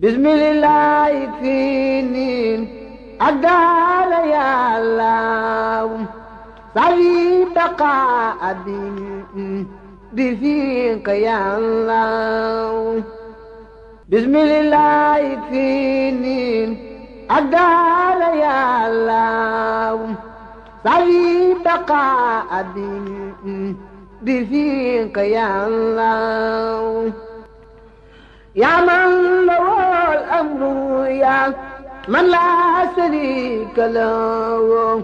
bismillah fii niin ak daara yàllaaw sawi baqa abi bi bismillah fii niin ak daara yàllaaw sawi baqa abi bi fiika yàllaaw الأمر يا من لا شريك له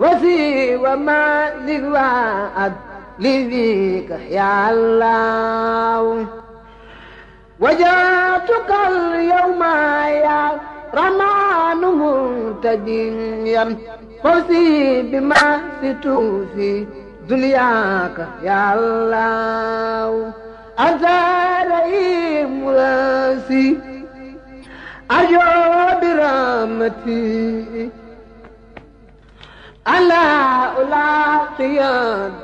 وفي وما للوعد لذيك يا الله وجاتك اليوم يا رمان منتجيا فوزي بما ستوفي دنياك يا الله أنت رئيم راسي أجر برامتي ألا ألاقي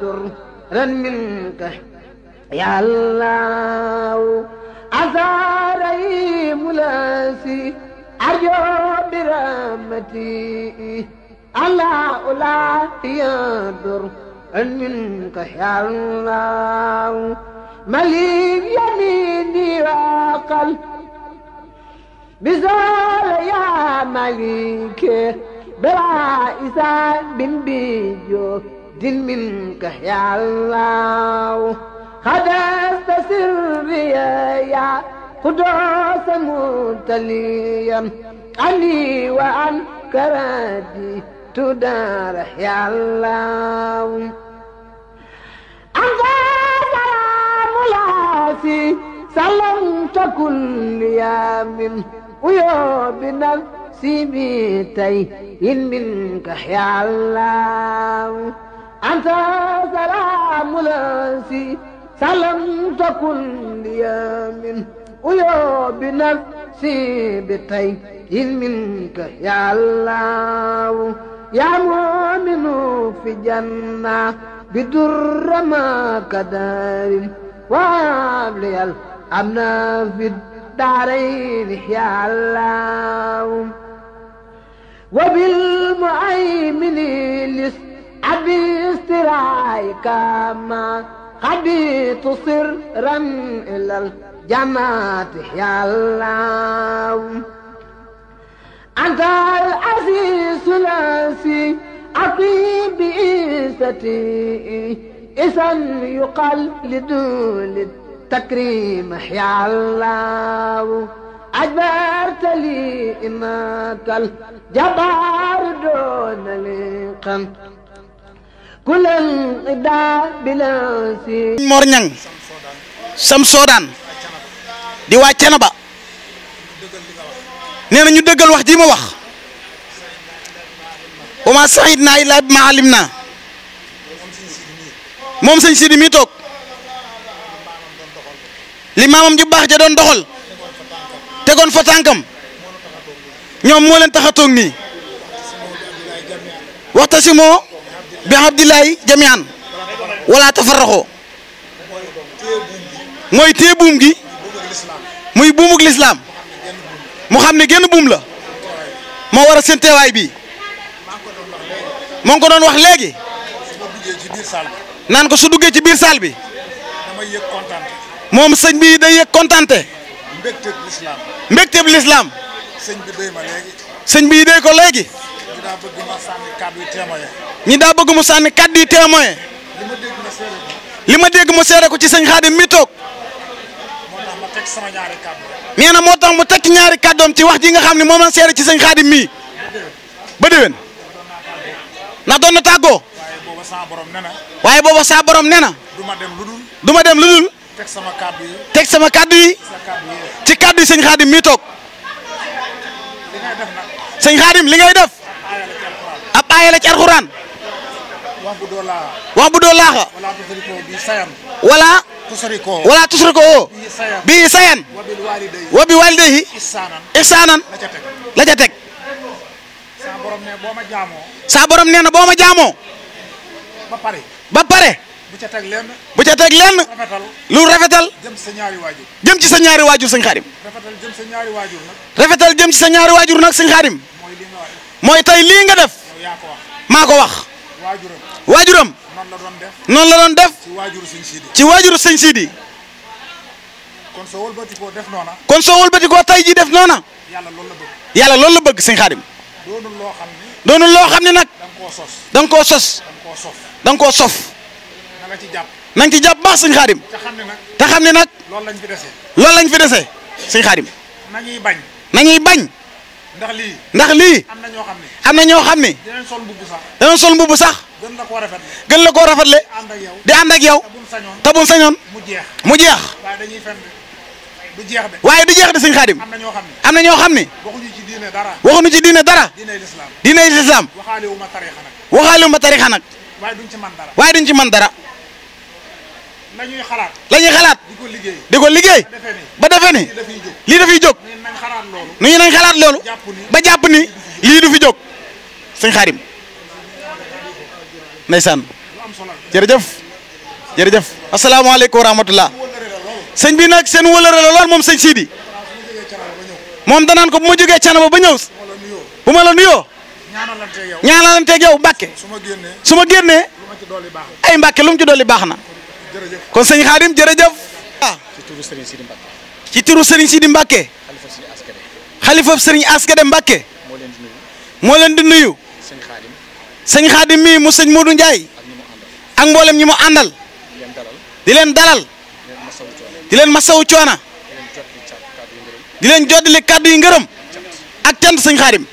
درا منك يا الله أزاري ملاسي أرجو برامتي ألا ألاقي درا منك يا الله مليك يميني وقلب بزول يا مليك بلا إسان بن بيجو دل منك يا الله خدست سري يا قدوس متليا علي وعن كرادي تدار يا الله أنت سلام لاسي سلمت كل يوم ويا بنفسي بيتي منك يا علام أنت سلام لاسي سلام تكن لي من ويا بنفسي بيتي منك يا علام يا مؤمن في جنة بدر ما كدار وابلي أمنا في الدنيا الدارين يا الله وبالمعيمن لس أبي استرايك ما خبيت رم إلى الجماعة يا الله أنت العزيز الأسي أطيب بإيستي إذا يقلد لدولد تكريم يا الله أجبرت لي إماك الجبار دون لقم كل الإداء بلا سي مورنيان سم سودان دي واتنا با نينا ني دغال واخ دي ما واخ وما سعيدنا الا بما علمنا موم سيدي مي توك li mamam ju bax ja doon doxal tegoon fa tankam ñom mo leen taxato a waxta bi abdillahi jamian wala tafarraxoo moy téye bum gi muy bumuk l'islam mu xam genn bum la mo wara sen teway bi bii ngi ko doon wax legi nan ko su duggé ci bir saal bi moom sëñ bi day yëg kontante. mbégteeb lislaam. mbégteeb lislaam. sëñ bi day ma léegi. bi day ko léegi. ñi daa bëgg ma sànni kàddu yi témoin. li ma dégg ma seere ko ci sëñ Xaadim mi toog. nee na moo tax mu teg ñaari kàddoom ci wax ji nga xam ne moom la seere ci sëñ Xaadim mii. ba déwén. ndax na tàggoo. waaye booba saa waaye booba saa borom nee na. du ma dem lu dem lu dul. tek sama kadi, tek kadi, sama kadi, yi ci kàddu yi sëñ xaadim mi toog sëñ xaadim li ngay def ab aaya la ci bu wala wala tusriko o bi sayan wa bi walideyi ihsaanan la ca tek saa borom nee na boo ma jaamoo ba pare bu ca teg lenn. bu ca teg lenn. lu rafetal. jëm ci sa ñaari waajur. jëm ci sa ñaari waajur sëñ Xaadim. rafetal jëm sa ñaari waajur nag. rafetal jëm sa ñaari waajur nag sëñ Xaadim. mooy li nga wax. mooy tey lii nga def. maa ko wax. waajuram. waajuram. noonu la doon def. noonu la doon def. ci waajuru sëñ Sidi. ci waajuru sëñ Sidi. kon soo wëlbatikoo def noona. kon soo wëlbatikoo tey jii def noona. yàlla lool la bëgg. yàlla loolu la bëgg sëñ Xaadim. doonul loo xam ne. doonul loo xam ne nag. da ko koo sos. da nga koo sos. da koo sof. na nga ci jàpp na nga ci jàpp baax sëñ xaadim te xam ne nag te xam ne nag loolu lañ fi dese loolu lañ fi dese sëñ xaadim nañuy bañ nañuy bañ ndax lii ndax lii am na ñoo xam ne am na ñoo xam ne dinañ sol mbubb sax dinañ sol mbubb sax gën la koo rafetle gën la koo rafetle di ànd ak yow te buñ sañoon mu jeex mu jeex waaye dañuy fen du jeex de waaye du jeex de sëñ xaadim am na ñoo xam ne am na ñoo xam ne waxuñu ci diine dara waxuñu ci diine dara diine lislaam diine lislaam waxaaliwu ma tarixa nag waxaaliwu ma tarixa nag waaye duñ ci man waaye duñ ci man dara la ñuy xalaat la ñuy xalaat di ko liggéey ba defee ni lii dafay jóg nu ñu nañ xalaat loolu ba jàpp ni lii du fi jóg sëñ xaarim ndeysaan jërëjëf jërëjëf asalaamaaleykum wa rahmatullah sëñ bi nag seen wëlëre la lool moom sëñ Sidi moom danaan ko bu ma jógee canaba ba ñëw bu ma la nuyoo ñaanalanteeg yow Mbàkke su ma génnee ay mbake lu mu ci dolli baax na kon sëñ Xaadim jërëjëf. ah ci turu Serigne Sidi Mbacke. ci turu Serigne Sidi Mbacke. xalifa Serigne Askade Mbacke. moo leen di nuyu. moo leen di nuyu. sëñ Xaadim. sëñ Xaadim mii mu sëñ Modou Ndiaye. ak mboolem ñi mu àndal. di leen dalal. di leen masawu coona. di leen joddili kàddu yi ngërëm. ak cant sëñ Xaadim.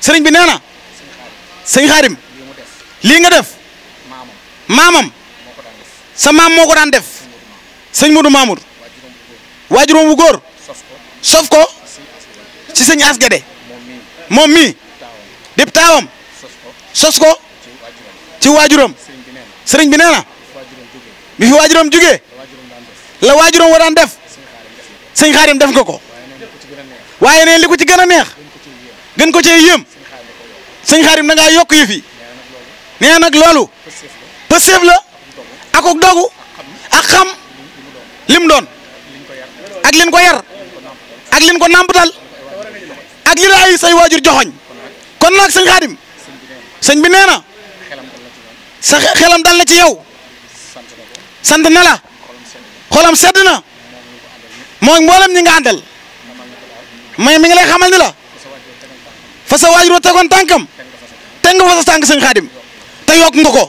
sëriñ bi nee na. sëñ Xaadim. lii nga def. maamam. sa maam moo ko daan def sëñ Modou Mamour waajuróom bu góor sof ko ci sëñ Asgede moom mi dib taawam sos ko ci waajuróom sëriñ bi nee na bi fi waajuróom jugee la waajuróom wa daan def sëñ xaarim def nga ko waaye ne li ko ci gën a neex gën ko cee yéem sëñ xaarim da yokk yi fi nee nag loolu pëseef akuk dogu ak xam lim doon ak lin ko yar ak lin ko nàmpatal ak li la ay say waajur joxoñ kon nag sëñ Xaadim sëñ bi nee na sa xelam na ci yow sant nela la xolam sedd na mooy mboolem ñi nga àndal mais xamal ni la fa sa waajur wa tegoon tànkam teg nga fa sa tànk sëñ Xaadim te yokk nga ko.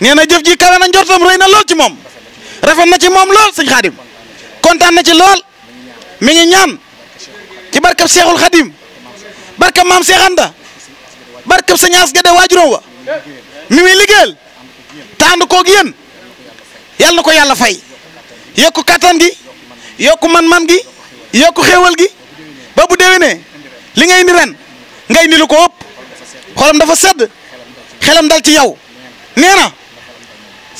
nee na jëf ji kawe na njortam rëy na lool ci moom rafet na ci moom lool sëñ xaadim kontaan na ci lool mi ngi ñaan ci barkab seexul xadim barkab maam Seex Anta barkab sa ga de waajuróom wa mi muy liggéeyal te ànd koog yéen ko yàlla fay yokku katan gi yokku man-man gi yokku xéewal gi ba bu déwénee li ngay indi ren ngay indi lu ko ëpp xolam dafa sedd xelam dal ci yow nee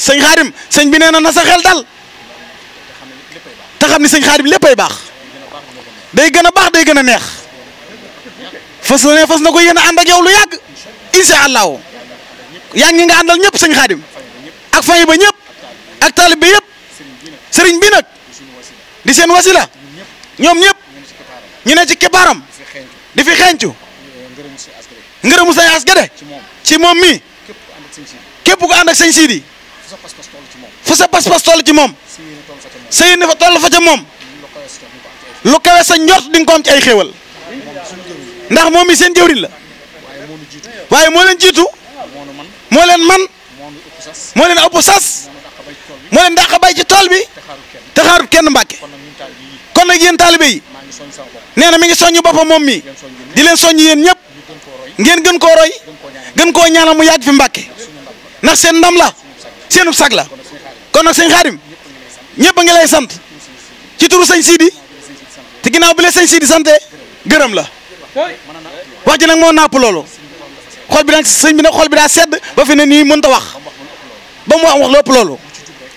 sëñ xaadim sëñ bi nee na na sa xel dal te xam ni sëñ xaadim léppay baax day gën a baax day gën a neex fas na ne fas na ko yéen a ànd ak yow lu yàgg incha allahu yaa ngi nga àndal ñëpp sëñ xaadim ak fay ba ñëpp ak taalib bi yëpp sëriñ bi nag di seen wasila ñoom ñëpp ñu ne ci keppaaram di fi xeeñcu ngërëmu sëñ As Guédé ci moom mi képp ku ànd ak sëñ Sidi fu sa pas-pas toll ci moom sa yéene fa toll fa ca moom lu kawe sa njort di nga ko am ci ay xéewal ndax moom mi seen jëwriñ la waaye moo leen jiitu moo leen man moo leen ëpp sas moo leen dàq bay ci tool bi te xaarut kenn mbàkke kon nag yéen taalibe yi nee na mi ngi soññu boppam moom mi di leen soññ yéen ñëpp ngeen gën koo roy gën koo ñaanal mu fi mbàkke ndax seen ndam la seenu sag la kon nag sëñ xaadim ñëpp a lay sant ci turu sëñ Sidi te ginaaw bi la sëñ Sidi sante gërëm la wax ji nag moo nàpp loolu xol bi nag sëñ bi nag xol bi daa sedd ba fi ne nii mënta wax ba mu wax wax lépp loolu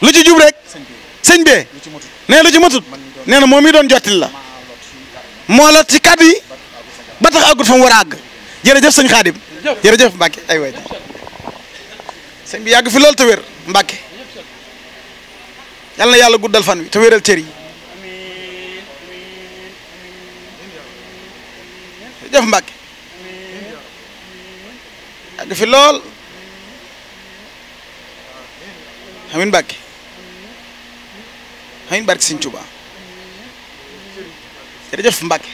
lu ci jub rek sëñ bee nee lu ci matut nee na moom mi doon jottil la moo la ci kàddu yi ba tax àggut fa mu war a àgg jërëjëf sëñ xaadim jërëjëf Mbacke ay sëñ bi yàgg fi lool te wér Mbàkke yàlla na yàlla guddal fan wi te wéral cër yi jëf Mbàkke yàgg fi lool amin Mbàkke amin barke Sëñ Tuubaa jërëjëf Mbàkke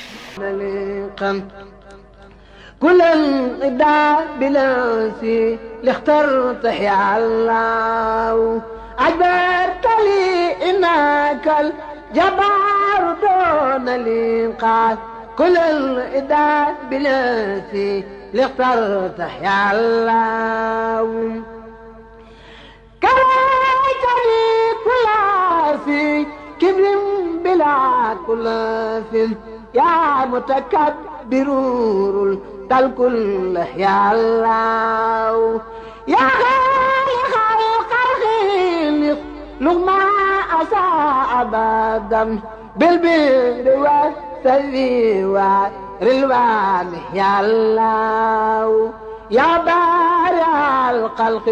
كل انقضاء بنفسي اللي اخترته يا الله عجبت لي إنك الجبار دون الإنقاذ كل الإداء بنفسي اللي اخترته يا الله كرهتني كل في كبر بلا كل يا متكبر ده كل يا الله يا غالي خلق الغيلق ما أساء أبدا بالبير والسذي رلوان يا الله يا بارع القلق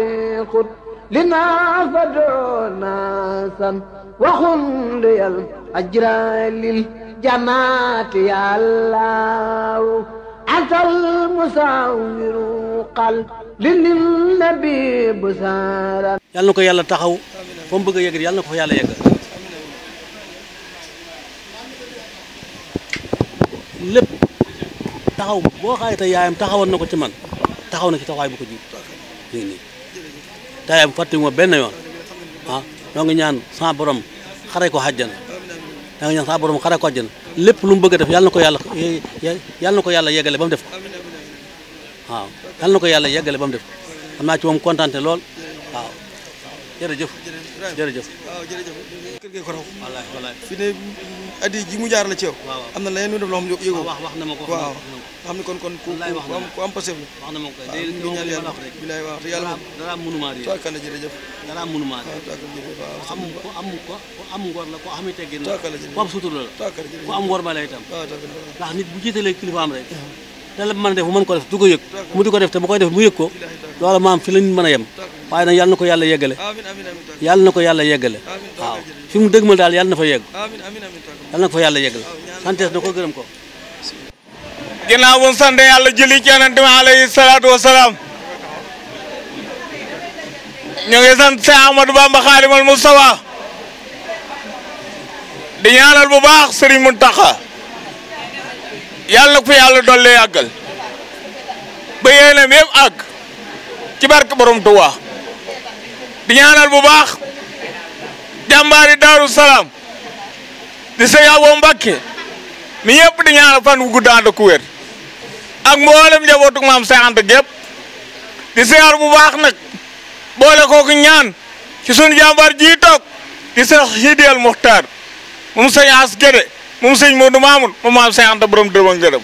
خد لنا فدعونا سن وخند يا الأجر للجماعة يا الله أتى المساور قلب للنبي بسارا يالنا كو يالا تخاو فم بغا يغر يالنا كو يالا يغر lepp taxaw boo xaayta yaayam taxawoon na ko ci man taxaw na ci taxawaay bu ko jiit nii nii tayaam fàttiwuma benn yoon ah ñoo ngi ñaan sa borom xare ko xàjjana lépp lu mu bëgg def yàlla na ko yàlla yàlla na ko yàlla yeggale ba mu def ko waaw yàlla na ko yàlla yeggale ba mu def ko am naa ci moom kontaan lool waaw jërëjëf jërëjëf waaw ji mu jaar la ci yow am na leneen lu wax na ko xam ne kon kon am ku la ko day wax rek bilaay wax te yàlla dara la jërëjëf dara mënuma réer toakal jërëjëf waaw am ku am ko am ngor la ko am teggin la ku am sutur la ku am ngor lay nit bu jiitalee kilifaam rek te la mën a def mu mën ko def du ko yëg mu di ko def te mu koy def mu yëg ko loolu maam fi la nit mën a yem waaye nag yàlla na ko yàlla yeggale yàlla na ko yàlla yeggale waaw fi mu dëgmal daal yàlla na fa yegg yàlla na ko fa yàlla yeggale santees na ko gërëm ko ginnaaw bu sante yàlla julli ci yonent bi alayhi salaatu wasalaam ñu ngi sant Seex Ahmadou Bamba Xaadimal Mustafa di ñaanal bu baax Sëriñ Muntaxa yàlla na ko fi yàlla yàggal ba yéenam yëpp àgg ci barke borom Tuubaa di ñaanal bu baax jàmbaari Daaru Salaam di sëñ Abo Mbàkke mi yëpp di ñaanal fan wu gudd ànd ak ak mboolem njabootu maam Seex Anta di siyaar bu baax nag boole kooku ñaan ci sunu jàmbaar jii toog di Seex Sidi al Muxtaar moom sëñ As Gede moom sëñ Modou Mamoun moom maam Seex Anta borom dërëm ak ngërëm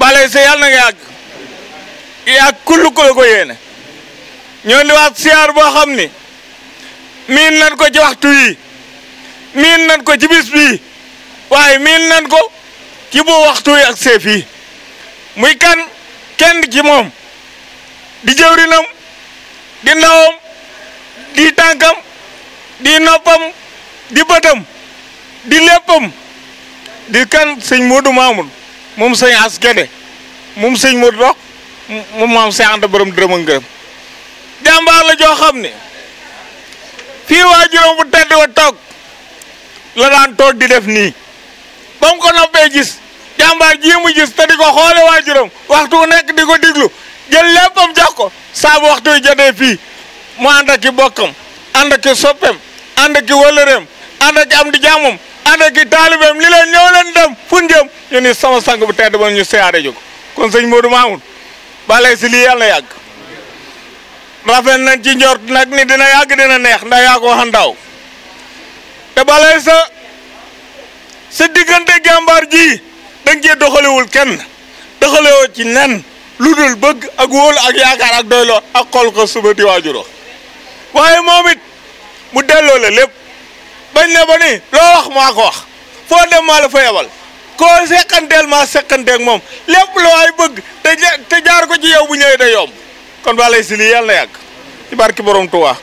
na nga yàgg yàgg ko yéene ñoo di waat siyaar boo xam ni miin nan ko ci waxtu yi miin nan ko ci bis waaye miin nan ko ci waxtu yi ak seef yi muy kan kenn ci moom di jëwrinam di ndawam di tànkam di noppam di bëtam di leppam di kan sëñ Modou Mamoun moom sëñ askede Guédé moom sëñ Modou Dox moom maam Seex Anta borom dërëm ak ngërëm jàmbaar la joo xam ne fii waajuram bu tedd wa toog la daan toog di def nii ba mu ko noppee gis jàmbaar jii mu gis te di ko xoole waajuram waxtu nekk di ko diglu jël léppam jox ko saabu waxtu yu jotee fii mu ànd ki bokkam ànd ki soppem ànd ki wëlëreem ànd ki am di jàmmam ànd ki taalibeem li leen ñëw ñu ni sama sang bu tedd ba ñu siyaare jóg kon sëñ Modou Mamoun balay si lii yàlla na yàgg rafet ci njort nag ni dina yàgg dina neex ndax yaa ko waxan daaw te balay sa sa diggante jàmbaar ji dang cee doxalewul kenn doxalewoo ci nen luddul bëgg ak wol ak yaakar ak doylo ak xol ko suba di waajuro waaye moom it mu delo la lepp bañ ne bani lo wax maa ko wax fo dem ma la fayewal ko sekandel ma sekande ak mom lepp lo waay bëgg te te jaar ko ci yow bu ñëw day yom kon walay sili yalla yak ci barki borom tuwa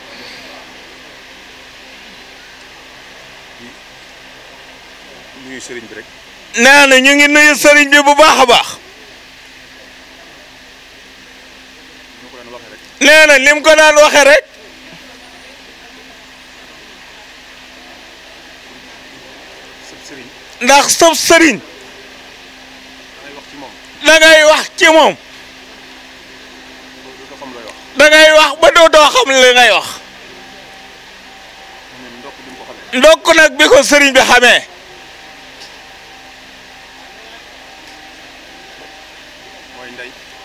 nuyu sëriñ bi rek nee ñu ngi nuyu sëriñ bi bu baax a baax nee na ko daan waxe rek ndax sëb sëriñ da ngay wax ci moom da wax ba dootoo xam li wax ndokk nag bi ko sëriñ bi xamee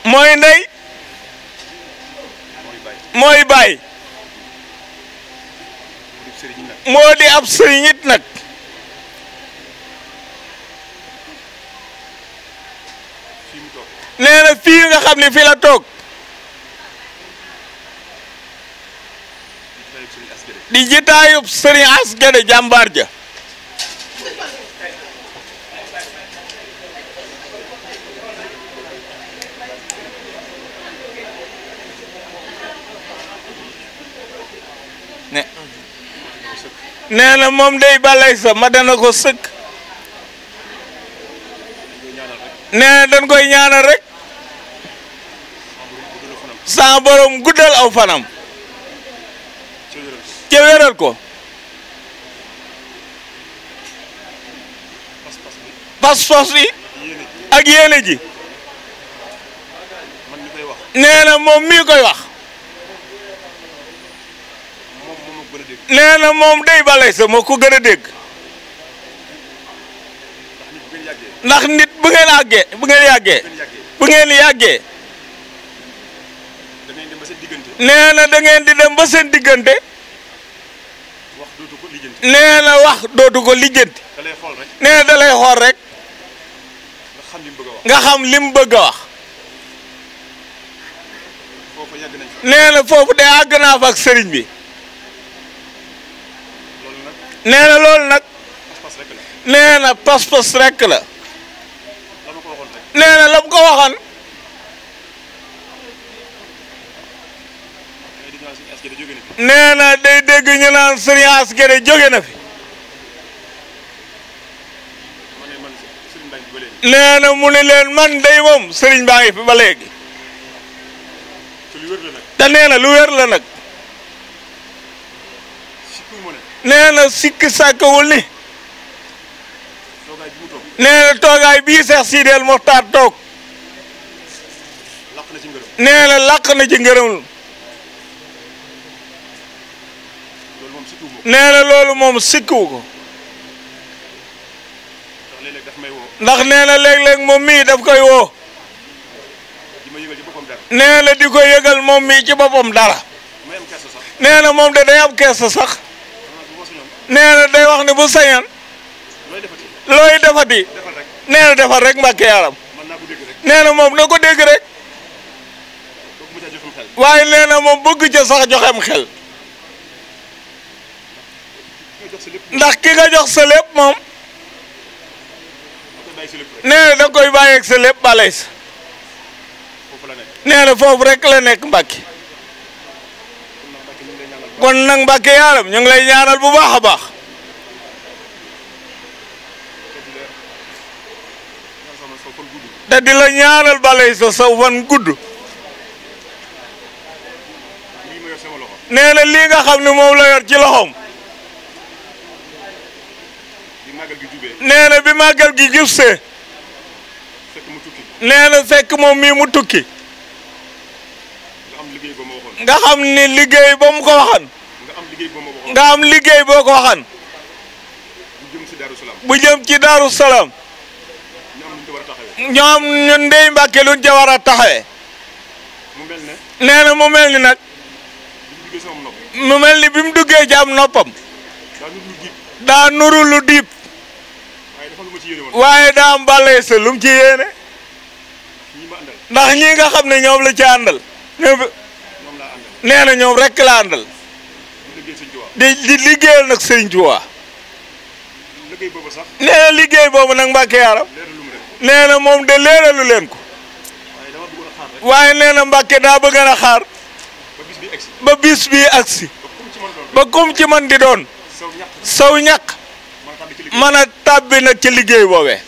mooy ndey mooy baay moo di ab sëriñ it nag nee fii nga xam ne fi la toog di jitaayub sëriñ As Gede jàmbaar ja ne nee na moom day balay sa ma dana ko sëkk nee na koy ñaanal rek sa borom guddal aw fanam ca ko pas-pas bi ak yéene ji moom mii koy wax nee mom day balay sa moo gëna dégg ndax nit bu ngeen agge bu ngeen yagge bu ngeen yagge nee da ngeen di dem ba seen diggante nee na wax dootu ko lijjanti nee na da lay xool rek nga xam lim bëgg wax nee fofu day de àgg fa ak sëriñ bi nee na nag nee na pas-pas rek la nee na la mu ko waxoon nee na day dégg ñu naan sëriñ As Guèye jóge na fi nee na mu ne leen man day moom sëriñ baa fi ba léegi te nee na lu wér la nag. nee sikki sikk sàkkawul ni nee na toogaay bii Seex Sideel Moxtaar toog nee na làq na ci ngërëmul nee na loolu moom sikkiwu ko ndax nee na léeg-léeg moom mii daf koy woo nee na di ko yëgal moom mii ci boppam dara nee na moom de day am kersa sax nee da wax ne bu sañan looy defati nee na defal rek yaram nee moom na ko dégg rek waaye nee na moom bëgg ca sax joxem xel ndax ki nga jox sa lépp moom nee na da koy bàyyeeg sa lépp balees nee na foofu rek la nekk mbàkke kon nag Mbàkke yaaram ñu ngi lay ñaanal bu baax a baax te di la ñaanal balay sa sa wan gudd nee na lii nga xam ne moom la yor ci loxoom nee bi màggal gi jub see fekk moom mii mu tukki nga xam ne liggéey ba mu ko waxan nga am liggéey boo ko waxan bu jëm ci Daaru Salaam ñoom ñun ndey Mbàkke luñ ca war a na mu mel ni nag mu mel ni bi mu duggee ci am noppam daa nuru lu diib waaye daa am bàllee sa mu ci yéene ndax ñi nga xam ne ñoom la ci àndal nee na ñoom rek la àndal di liggéeyal nag sëriñ Tuubaa nee liggéey boobu nag Mbàkke Yaaram nee moom de leeralu leen ko waaye nee na Mbàkke daa bëgg a xaar ba bis bi agsi ba kum ci man di doon saw ñàkk mën tàbbi nag ci liggéey boobee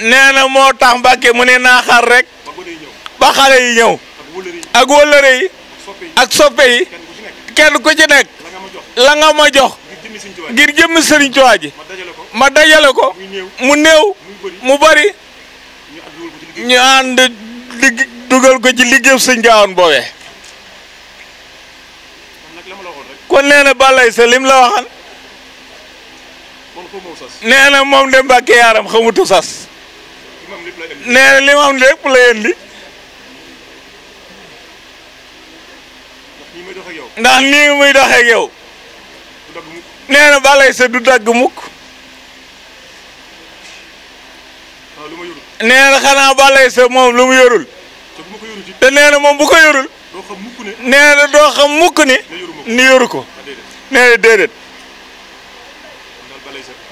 nee moo tax Mbàkke mu ne naa xaar rek ba xale yi ñëw ak wëllëre ak soppe kenn ku ci nekk la nga ma jox ngir jëmm sëriñ Tuubaa ma dajale ko mu néew mu bari ñu ànd di dugal ko ci liggéeyu sëñ Gaawoon boobee kon balay sa lim la waxan nee moom de Mbàkke yaaram xamutu sas nee na li ma la yéen ndax nii muy doxeeg yow nee na du dagg mukk nee xanaa balay moom lu yorul te nee moom bu ko yorul nee doo xam mukk ni ni yoru ko nee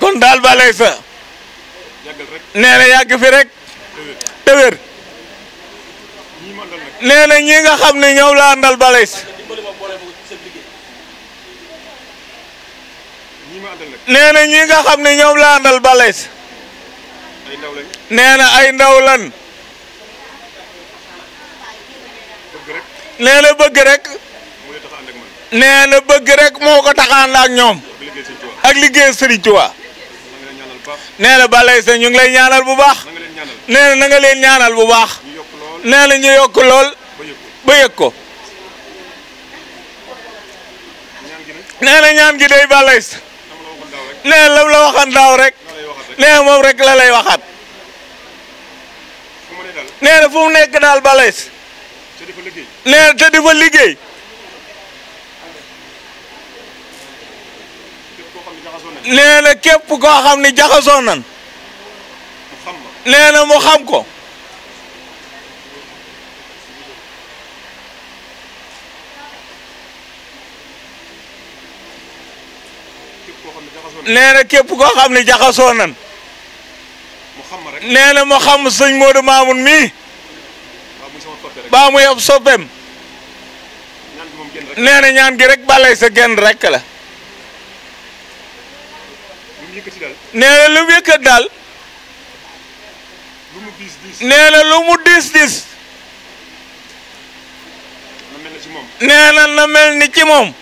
kon daal balay sa nee yàgg fi rek te wér nee nga xam ne ñoom la àndal balay nee na ñi nga xam ne ñoom la àndal balees na ay ndaw lan nee na bëgg rek na bëgg rek moo ko tax ñoom ak liggéey Serigne Touba nee na balees na ñu ngi ñaanal bu baax nee na leen ñaanal bu baax nee na ñu yokk lool ba ko nee ñaan gi day nee lam la waxan daaw rek nee moom rek la lay waxaat nee fu mu nekk daal balees nee na fa liggéey nee képp koo xam ne jaxasoo nan mu xam ko nee na képp koo xam ne jaxasoo nan nee na xam sëñ Modou Mamoun mii baa muy ab soppeem nee ñaan gi rek balay sa genn rek la nee lu mu yëkkat daal nee lu mu diis diis nee na mel ni ci moom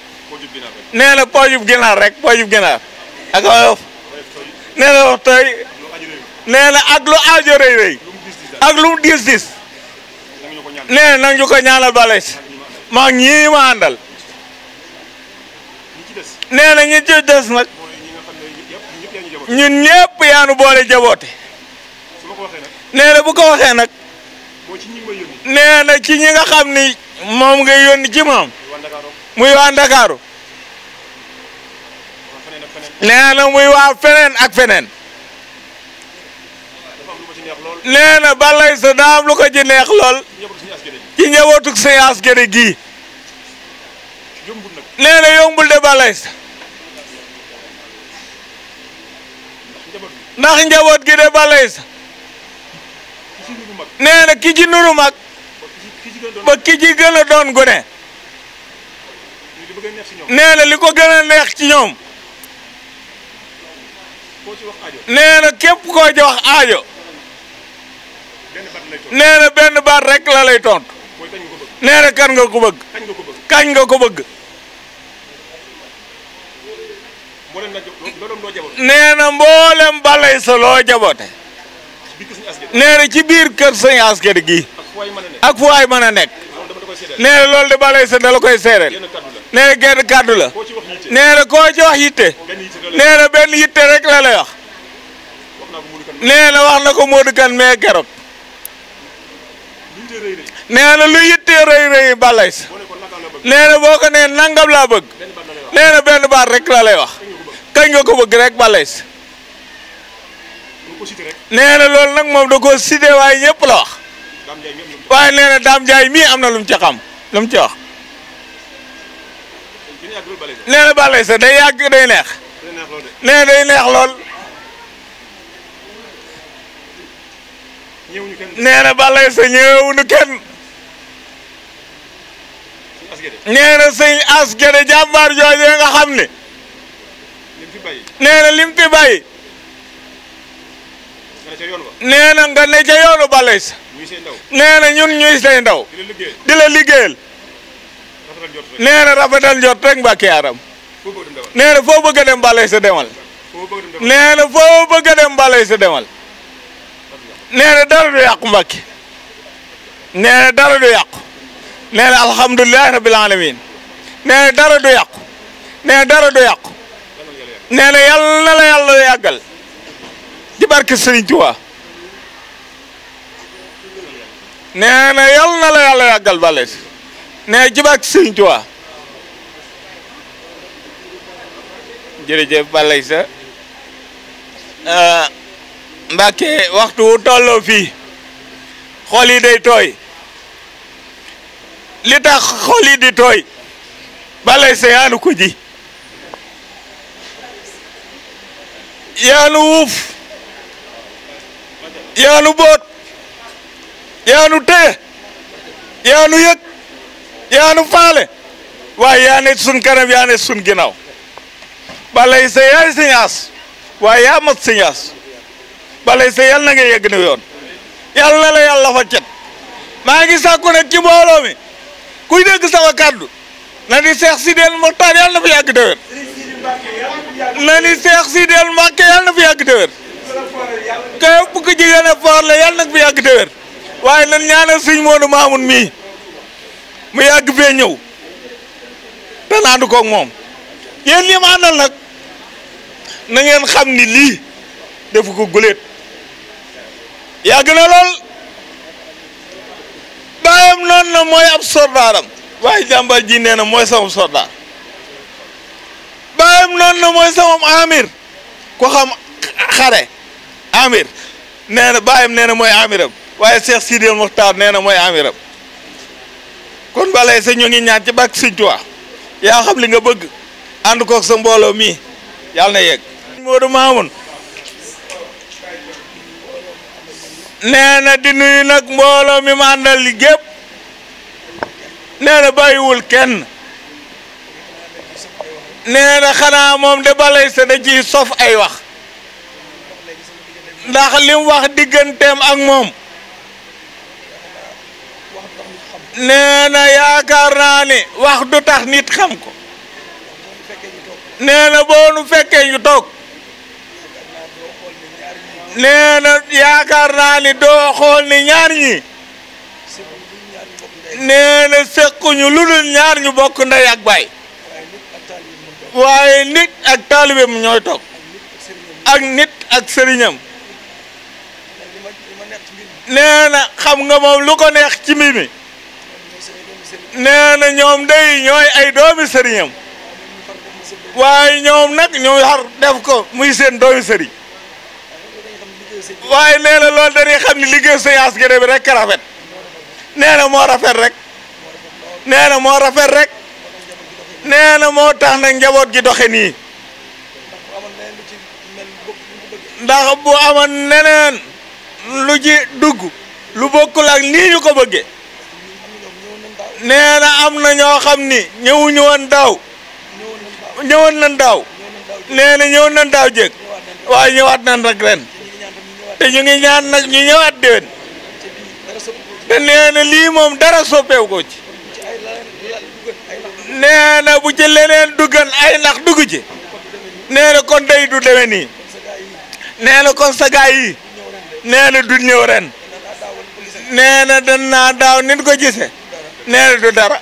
nee na poojub ginaar rek poojub ginaar ak oyof nee na wax tey lu aajo rëy rëy ak lu diis diis nee na nag ko ñaanal balees maa ñii ma àndal nee na ñi ci nag ñun ñëpp yaanu boole jaboote nee bu ko nag nee ci ñi nga xam ni moom nga yónni ci moom muy waa Ndakaaru nee na muy waa feneen ak feneen nee na balay sa daam lu ko ci neex lool ci ñëwatug séance gëri gii nee yombul de balay sa ndax njaboot gi de balay sa nee na ki ci nuru mag ba ki ci gën a doon gune nee li ko gën neex ci ñoom nee na képp koo ci wax aajo nee na benn baat rek la lay tontu nee na kan nga ko bëgg kañ nga ko bëgg nee na mboolem balay sa loo jaboote nee ci biir kër sëñ asked gi ak fu waay mën a nekk nee na de balay sa da koy seereel nee na genn la nee koo ci wax yitte nee benn yitte rek la lay wax nee wax na ko Modou Kane mais keroog nee lu yitte rëy rëy balay sa boo ko nee nangam laa bëgg nee benn baat rek la lay wax kañ nga ko bëgg rek balay sa nee nag moom da ko cité waaye ñëpp la wax waaye nee na Dame mii am na lu mu ci xam lu mu wax nee na Balla Gaye day yàgg day neex. nee na day neex lool. nee na Balla Gaye ñëw nu kenn. nee na sëñ As Guédé jàmbaar jooju nga xam ne. nee na lim fi nga ne yoonu Balla Gaye ñun ñuy say ndaw. di la liggéeyal. nee na rafetal njot rek mbàkke aram nee na foo bëgg a dem demal nee na foo bëgg a demal nee dara du yàqu mbàkke nee dara du yàqu nee na alhamdulilahi rabil alamin dara du yàqu nee na dara du yàqu nee na yàlla na la yàlla nee ci barke Sëriñ Tuubaa jërëjëf balay sa euh, Mbàkke waxtu wu tolloo fii xool day tooy li tax xool di tooy balay sa yaanu ko ji yaanu wuuf yaanu boot yaanu tee yaanu yëg yaanu faale waaye yaa ne sun kanam yaa yaay sinaas waaye yaa mat sinaas balay yal na nga yegg ni yoon yal na la yàlla cet maa ngi sàkku nag ci kuy dégg sama kàddu na di seex si deel moxtaar yàlla na fi yàgg déwér seex si deel mbàkke yàlla na fi yàgg déwér képp ku jigéen foor la yàlla na fi yàgg déwér waaye nan ñaanal suñ Moodu Maamun mii mu yàgg fee ñëw te naandu koog moom yéen ñi ma nag na ngeen xam ni lii def ko guléet yàgg na lool baayam noonu na mooy ab soldaaram waaye jàmbar ji nee na mooy sama soldaar baayam noonu na mooy sama amir ko xam xare amir nee na baayam nee na mooy amiram waaye Cheikh Sidil Mokhtar nee na mooy amiram kon balay sa ñu ngi ñaan ci bak seigne tuwa ya xam li nga bëgg and ko ak sa mbolo mi yalla na yegg modou mamoun neena di nuyu nak mbolo mi ma andal li gep neena bayiwul kenn neena xana mom de balay sa da ci sof ay wax ndax lim wax digeentem ak mom nee na yaakaar naa ne wax tax nit xam ko nee na boo nu fekkee ñu toog nee yaakaar naa ni doo xool ni ñaar ñi nee na sekkuñu lu dul ñaar ñu bokk nday ak baay waaye nit ak taalibeem ñooy toog ak nit ak sëriñam nee xam nga moom lu ko neex ci mbir mi nee na ñoom day ñooy ay doomi sëriñam waaye ñoom nag ñooy xar def ko muy seen doomi sëriñ waaye nee na loolu dañuy xam ne liggéey sëñ Ass Guédé bi rek rafet nee moo rafet rek nee na moo rafet na moo tax njaboot gi doxe nii ndax bu amoon neneen lu ci dugg lu bokkul ak nii ñu ko bëggee nee na am na ñoo xam ni ñëwuñu woon daaw ñëwoon nañ daaw nee na ñëwoon nañ daaw jéeg waaye ñëwaat nañ ren te ñu ngi ñaan nag ñu ñëwaat déwén te nee na lii moom dara soppeeku ko ci nee na bu ci leneen duggan ay ndax dugg ci kon day du demee nii nee kon sa gaay yi du ñëw ren nee dan naa daaw nit ko nee na du dara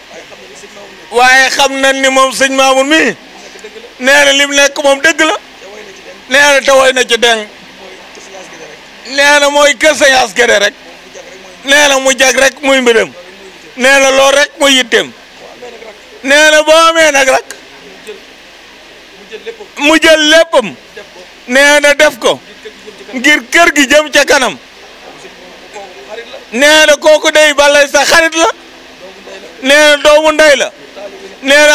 waaye xam na ni moom sëñ Mamoune mii nee na lim nekk moom dëgg la nee na taway na ci deng nee mooy kër sa yaas rek nee mu jag rek muy mbiram lool rek muy yitteem nee na amee nag rek mu jël léppam nee def ko ngir kër gi jëm ca kanam nee kooku dey balay sa xarit la nee na doomu ndey la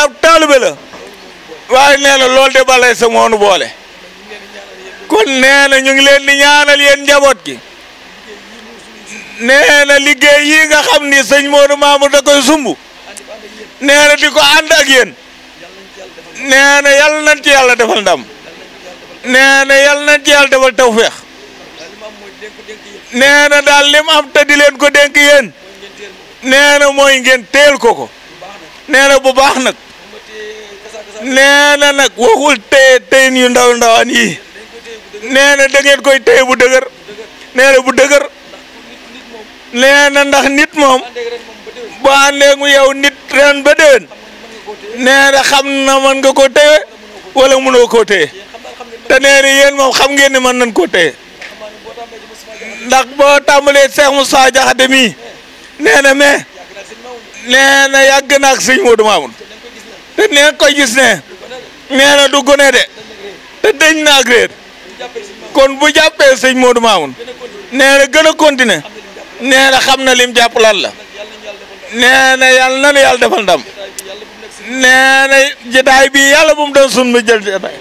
ab taalube la waaye nee lool loolu de balay sa moonu boole kon nee na ñu ngi leen di ñaanal yéen njaboot ki nee na liggéey yii nga xam ni sëñ Modou Mamour da koy sumb nee di ko ànd ak yéen nee na ci yàlla defal ndam nee na yàlla ci yàlla defal tawféex nee daal lim am te di leen ko dénk yen nee na mooy ngeen teel ko ko nee bu baax nag nee nag waxul téye téyin yu ndaw ndawaan yi nee na koy téye bu dëgër nee bu dëgër nee ndax nit moom mu yow nit ren xam na mën nga ko téye walla mënoo koo téye te nee na yéen xam ngeen ni mën nañ koo téye ndax boo tàmbalee Cheikh mu Diakhaté mii nee na mais nee na yàgg na ak te nee koy gis ne nee na du gone de te dañ na ak kon bu jàppee sëñ Modou Mamoun nee na gën a continuer na xam na lim jàpp lan la nee na yàlla na yàlla defal ndam nee na jotaay bi yàlla bu mu doon sun mu jël jotaay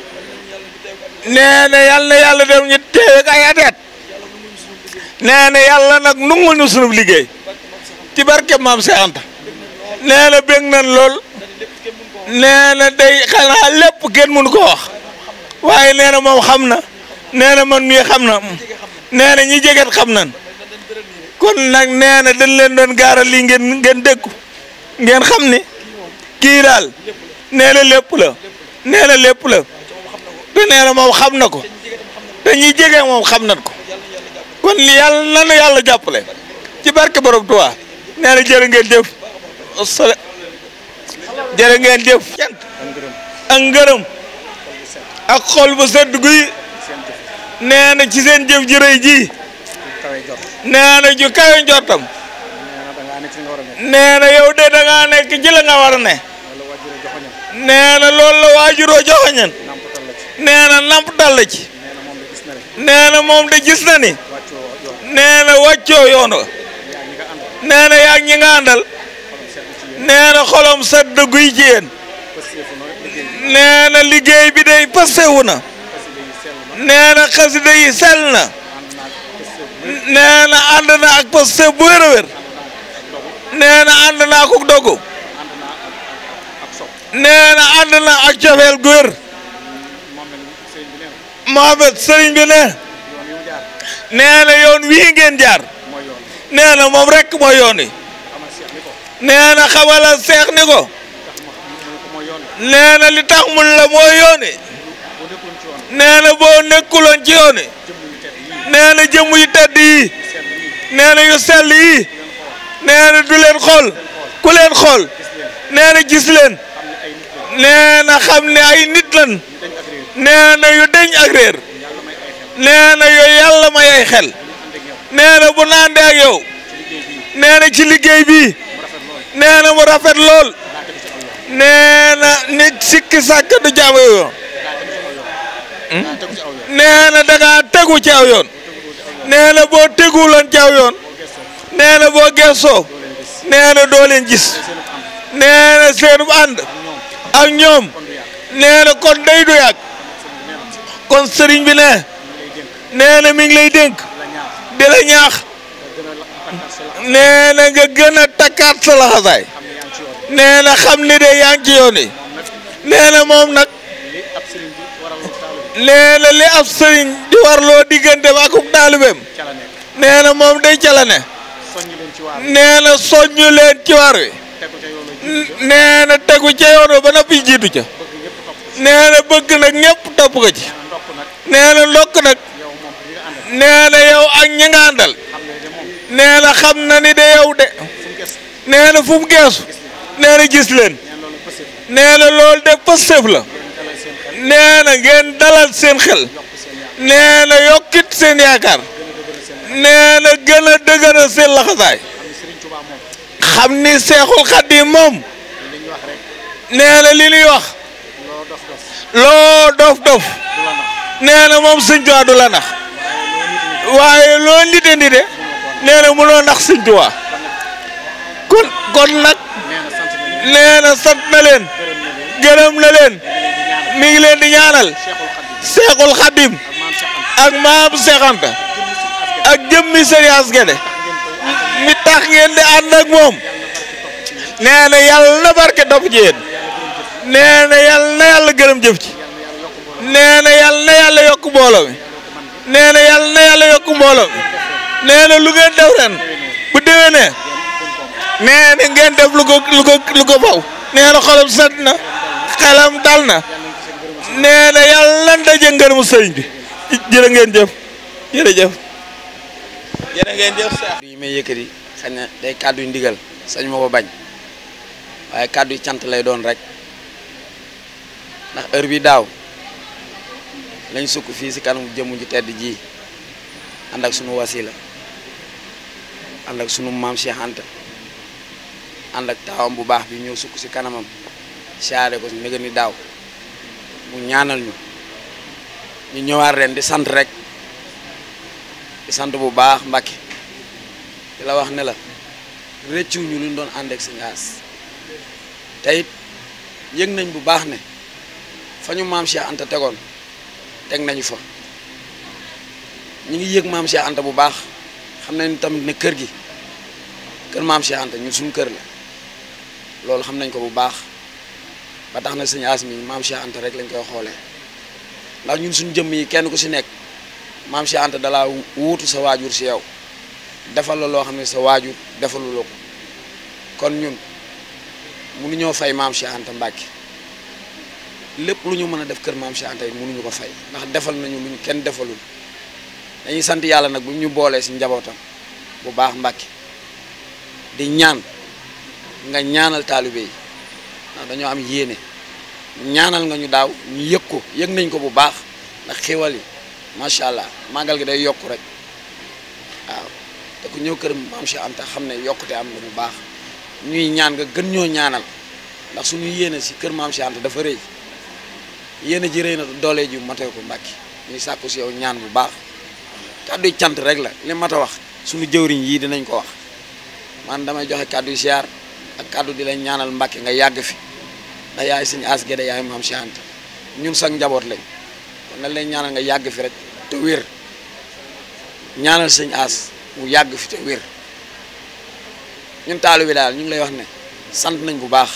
na yàlla dem ñu teewe ay ateet nee na yàlla nu sunub liggéey ci barke maam Cheikh Anta nee na bég nan lool nee na day xanaa lépp kenn mënu ko wax waaye nee na xam na nee na man mii xam na nee na ñi jeget xam nan kon nag nee na dañ leen doon gaaral lii ngeen ngeen déggu xam ni kii daal nee na lépp la nee na la te nee na xam na ko te ñi jege moom xam nan ko kon yàlla na yàlla jàppale ci barke borom Tuubaa nana na jërë ngeen jëf sal jërë ngeen jëf ak ngërëm ak xol bu sedd guy nee ci seen def ji reey ji nee ju kaw ndortam nee yow de da nga nek ji la nga war ne nee lol la wajuro joxoñan nee namp dal ci nee mom de gis na ni nee waccio yono nee na yaa ñi nga àndal nee na guy jéen nee na liggéey bi day pasewu na nee na xasida yi ak paste bu wér a wér ak dogu nee na ak cofeel gu wér Mohamed sëriñ bi ne nee yoon wii ngeen jaar neena na moom rek mooy yoon wi xamalal seex ni ko nee na li tax mun la mooy yoon wi boo nekkuloon ci yoon wi jëmm yu tedd yi nee yu sell yi nee na du leen xool ku leen gis leen nee xam ne ay nit lan nee yu deñ ak réer nee na may ay xel nee na bu naandee ak yow nee ci liggéey bi nee na rafet lool nee na sikki sàkk du jaamu yoon nee na dangaa tegu ci aw yoon nee na boo teguloon ci aw yoon boo gëstoo nee na doo leen gis nee na ak ñoom nee kon day du yàgg kon sëriñ bi nee na mi ngi lay di la ñaax nee na nga gën a takkaat sa laxasaay nee na xam ni de yaa ngi ci yoon yi nee moom nag nee li ab sëriñ di warloo digganteem ak taalibeem nee moom day ca la ne nee na soññu leen ci waar wi nee tegu ca yoon ba noppi jiitu ca nee bëgg nag ñëpp topp ko ci nee ndokk nag nee na ak ñi nga àndal xam na ni de yow de nee na geesu nee gis leen nee na loolu de pëstëf la nee ngeen dalal seen xel nee na yokkit seen yaakaar nee na gën a dëgëral seen laxasaay xam ni seexul xaddim moom nee li ñuy wax loo dof dof nee na moom sëñ Tuubaa la nax waaye loo nite nite nee na ndax sëñ Tuubaa kon kon nag nee na sant leen gërëm na leen mi ngi leen di ñaanal Seexul Xadim ak maam Seex Anta ak jëmmi Sëriñ As Gede mi tax ngeen di ànd ak moom nee na na barke topp ci yéen nee na yàlla na yàlla gërëm jëf na yàlla yokk mbooloo mi nee na yàlla na yàlla yokk mbooloo nee lu ngeen def ren bu déwénee nee na ngeen def lu ko lu ko lu na xolam set na xelam dal na nee na yàlla lan daje ngërëmu sëriñ bi jërë ngeen jëf jërëjëf jërë ngeen jëf sa yi may yëkkati day kàddu ndigal sañ ma ko bañ waaye kàddu cant lay doon rek ndax heure bii daaw lañ sukk fii si kanamu jëmm ju tedd ji ànd ak sunu wasila ànd ak sunu maam Cheikh Anta ànd ak taawam bu baax bi ñëw sukk si kanamam saare ko si ni daaw mu ñaanal ñu ñu ñëwaat reen di sant rek di sant bu baax Mbàkke di la wax ne la rëccu ñu luñ doon ànd ak si ngaas te yëg nañ bu baax ne fa ñu maam Cheikh Anta tegoon teg nañu fa ñu ngi yëg maam Cheikh Anta bu baax xam nañ tamit ne kër gi kër maam Cheikh Anta ñun suñu kër la loolu xam nañ ko bu baax ba tax na sëñ as mi maam Cheikh Anta rek lañ koy xoolee ndax ñun suñ jëmm yi kenn ku si nekk maam Cheikh Anta dalaa wuutu sa waajur si yow defal la loo xam ne sa waajur defaluloo la ko kon ñun mënuñoo fay maam Cheikh Anta Mbàkke lépp lu ñu mën a def kër maam Cheikh Anta yi mënuñu ko fay ndax defal nañu lu ñu kenn defalul dañuy sant yàlla nag bu ñu boolee si njabootam bu baax Mbàkke di ñaan nga ñaanal taalibe yi ndax dañoo am yéene ñaanal nga ñu daaw ñu yëg ko yëg nañ ko bu baax ndax xéwal yi macha allah màggal gi day yokku rek waaw te ku ñëw kër maam Cheikh Anta xam ne yokkute am na bu baax ñuy ñaan nga gën ñoo ñaanal ndax suñu yéene si kër maam Cheikh Anta dafa rëy. yene ji reyna na doole ji matee ko Mbàkke ni sakku si yow ñaan bu baax kaddu cant rek la li mata wax suñu jeewriñ yi dinañ ko wax man dama joxe kaddu ziar ak kaddu di la ñaanal Mbàkke nga yag fi da yaay suñu as gede yaay mam chant ñun sax njabot lañ kon la lay ñaanal nga yag fi rek te wër ñaanal sëñ as mu yag fi te wër ñun taalu bi ñu lay wax ne sant nañ bu baax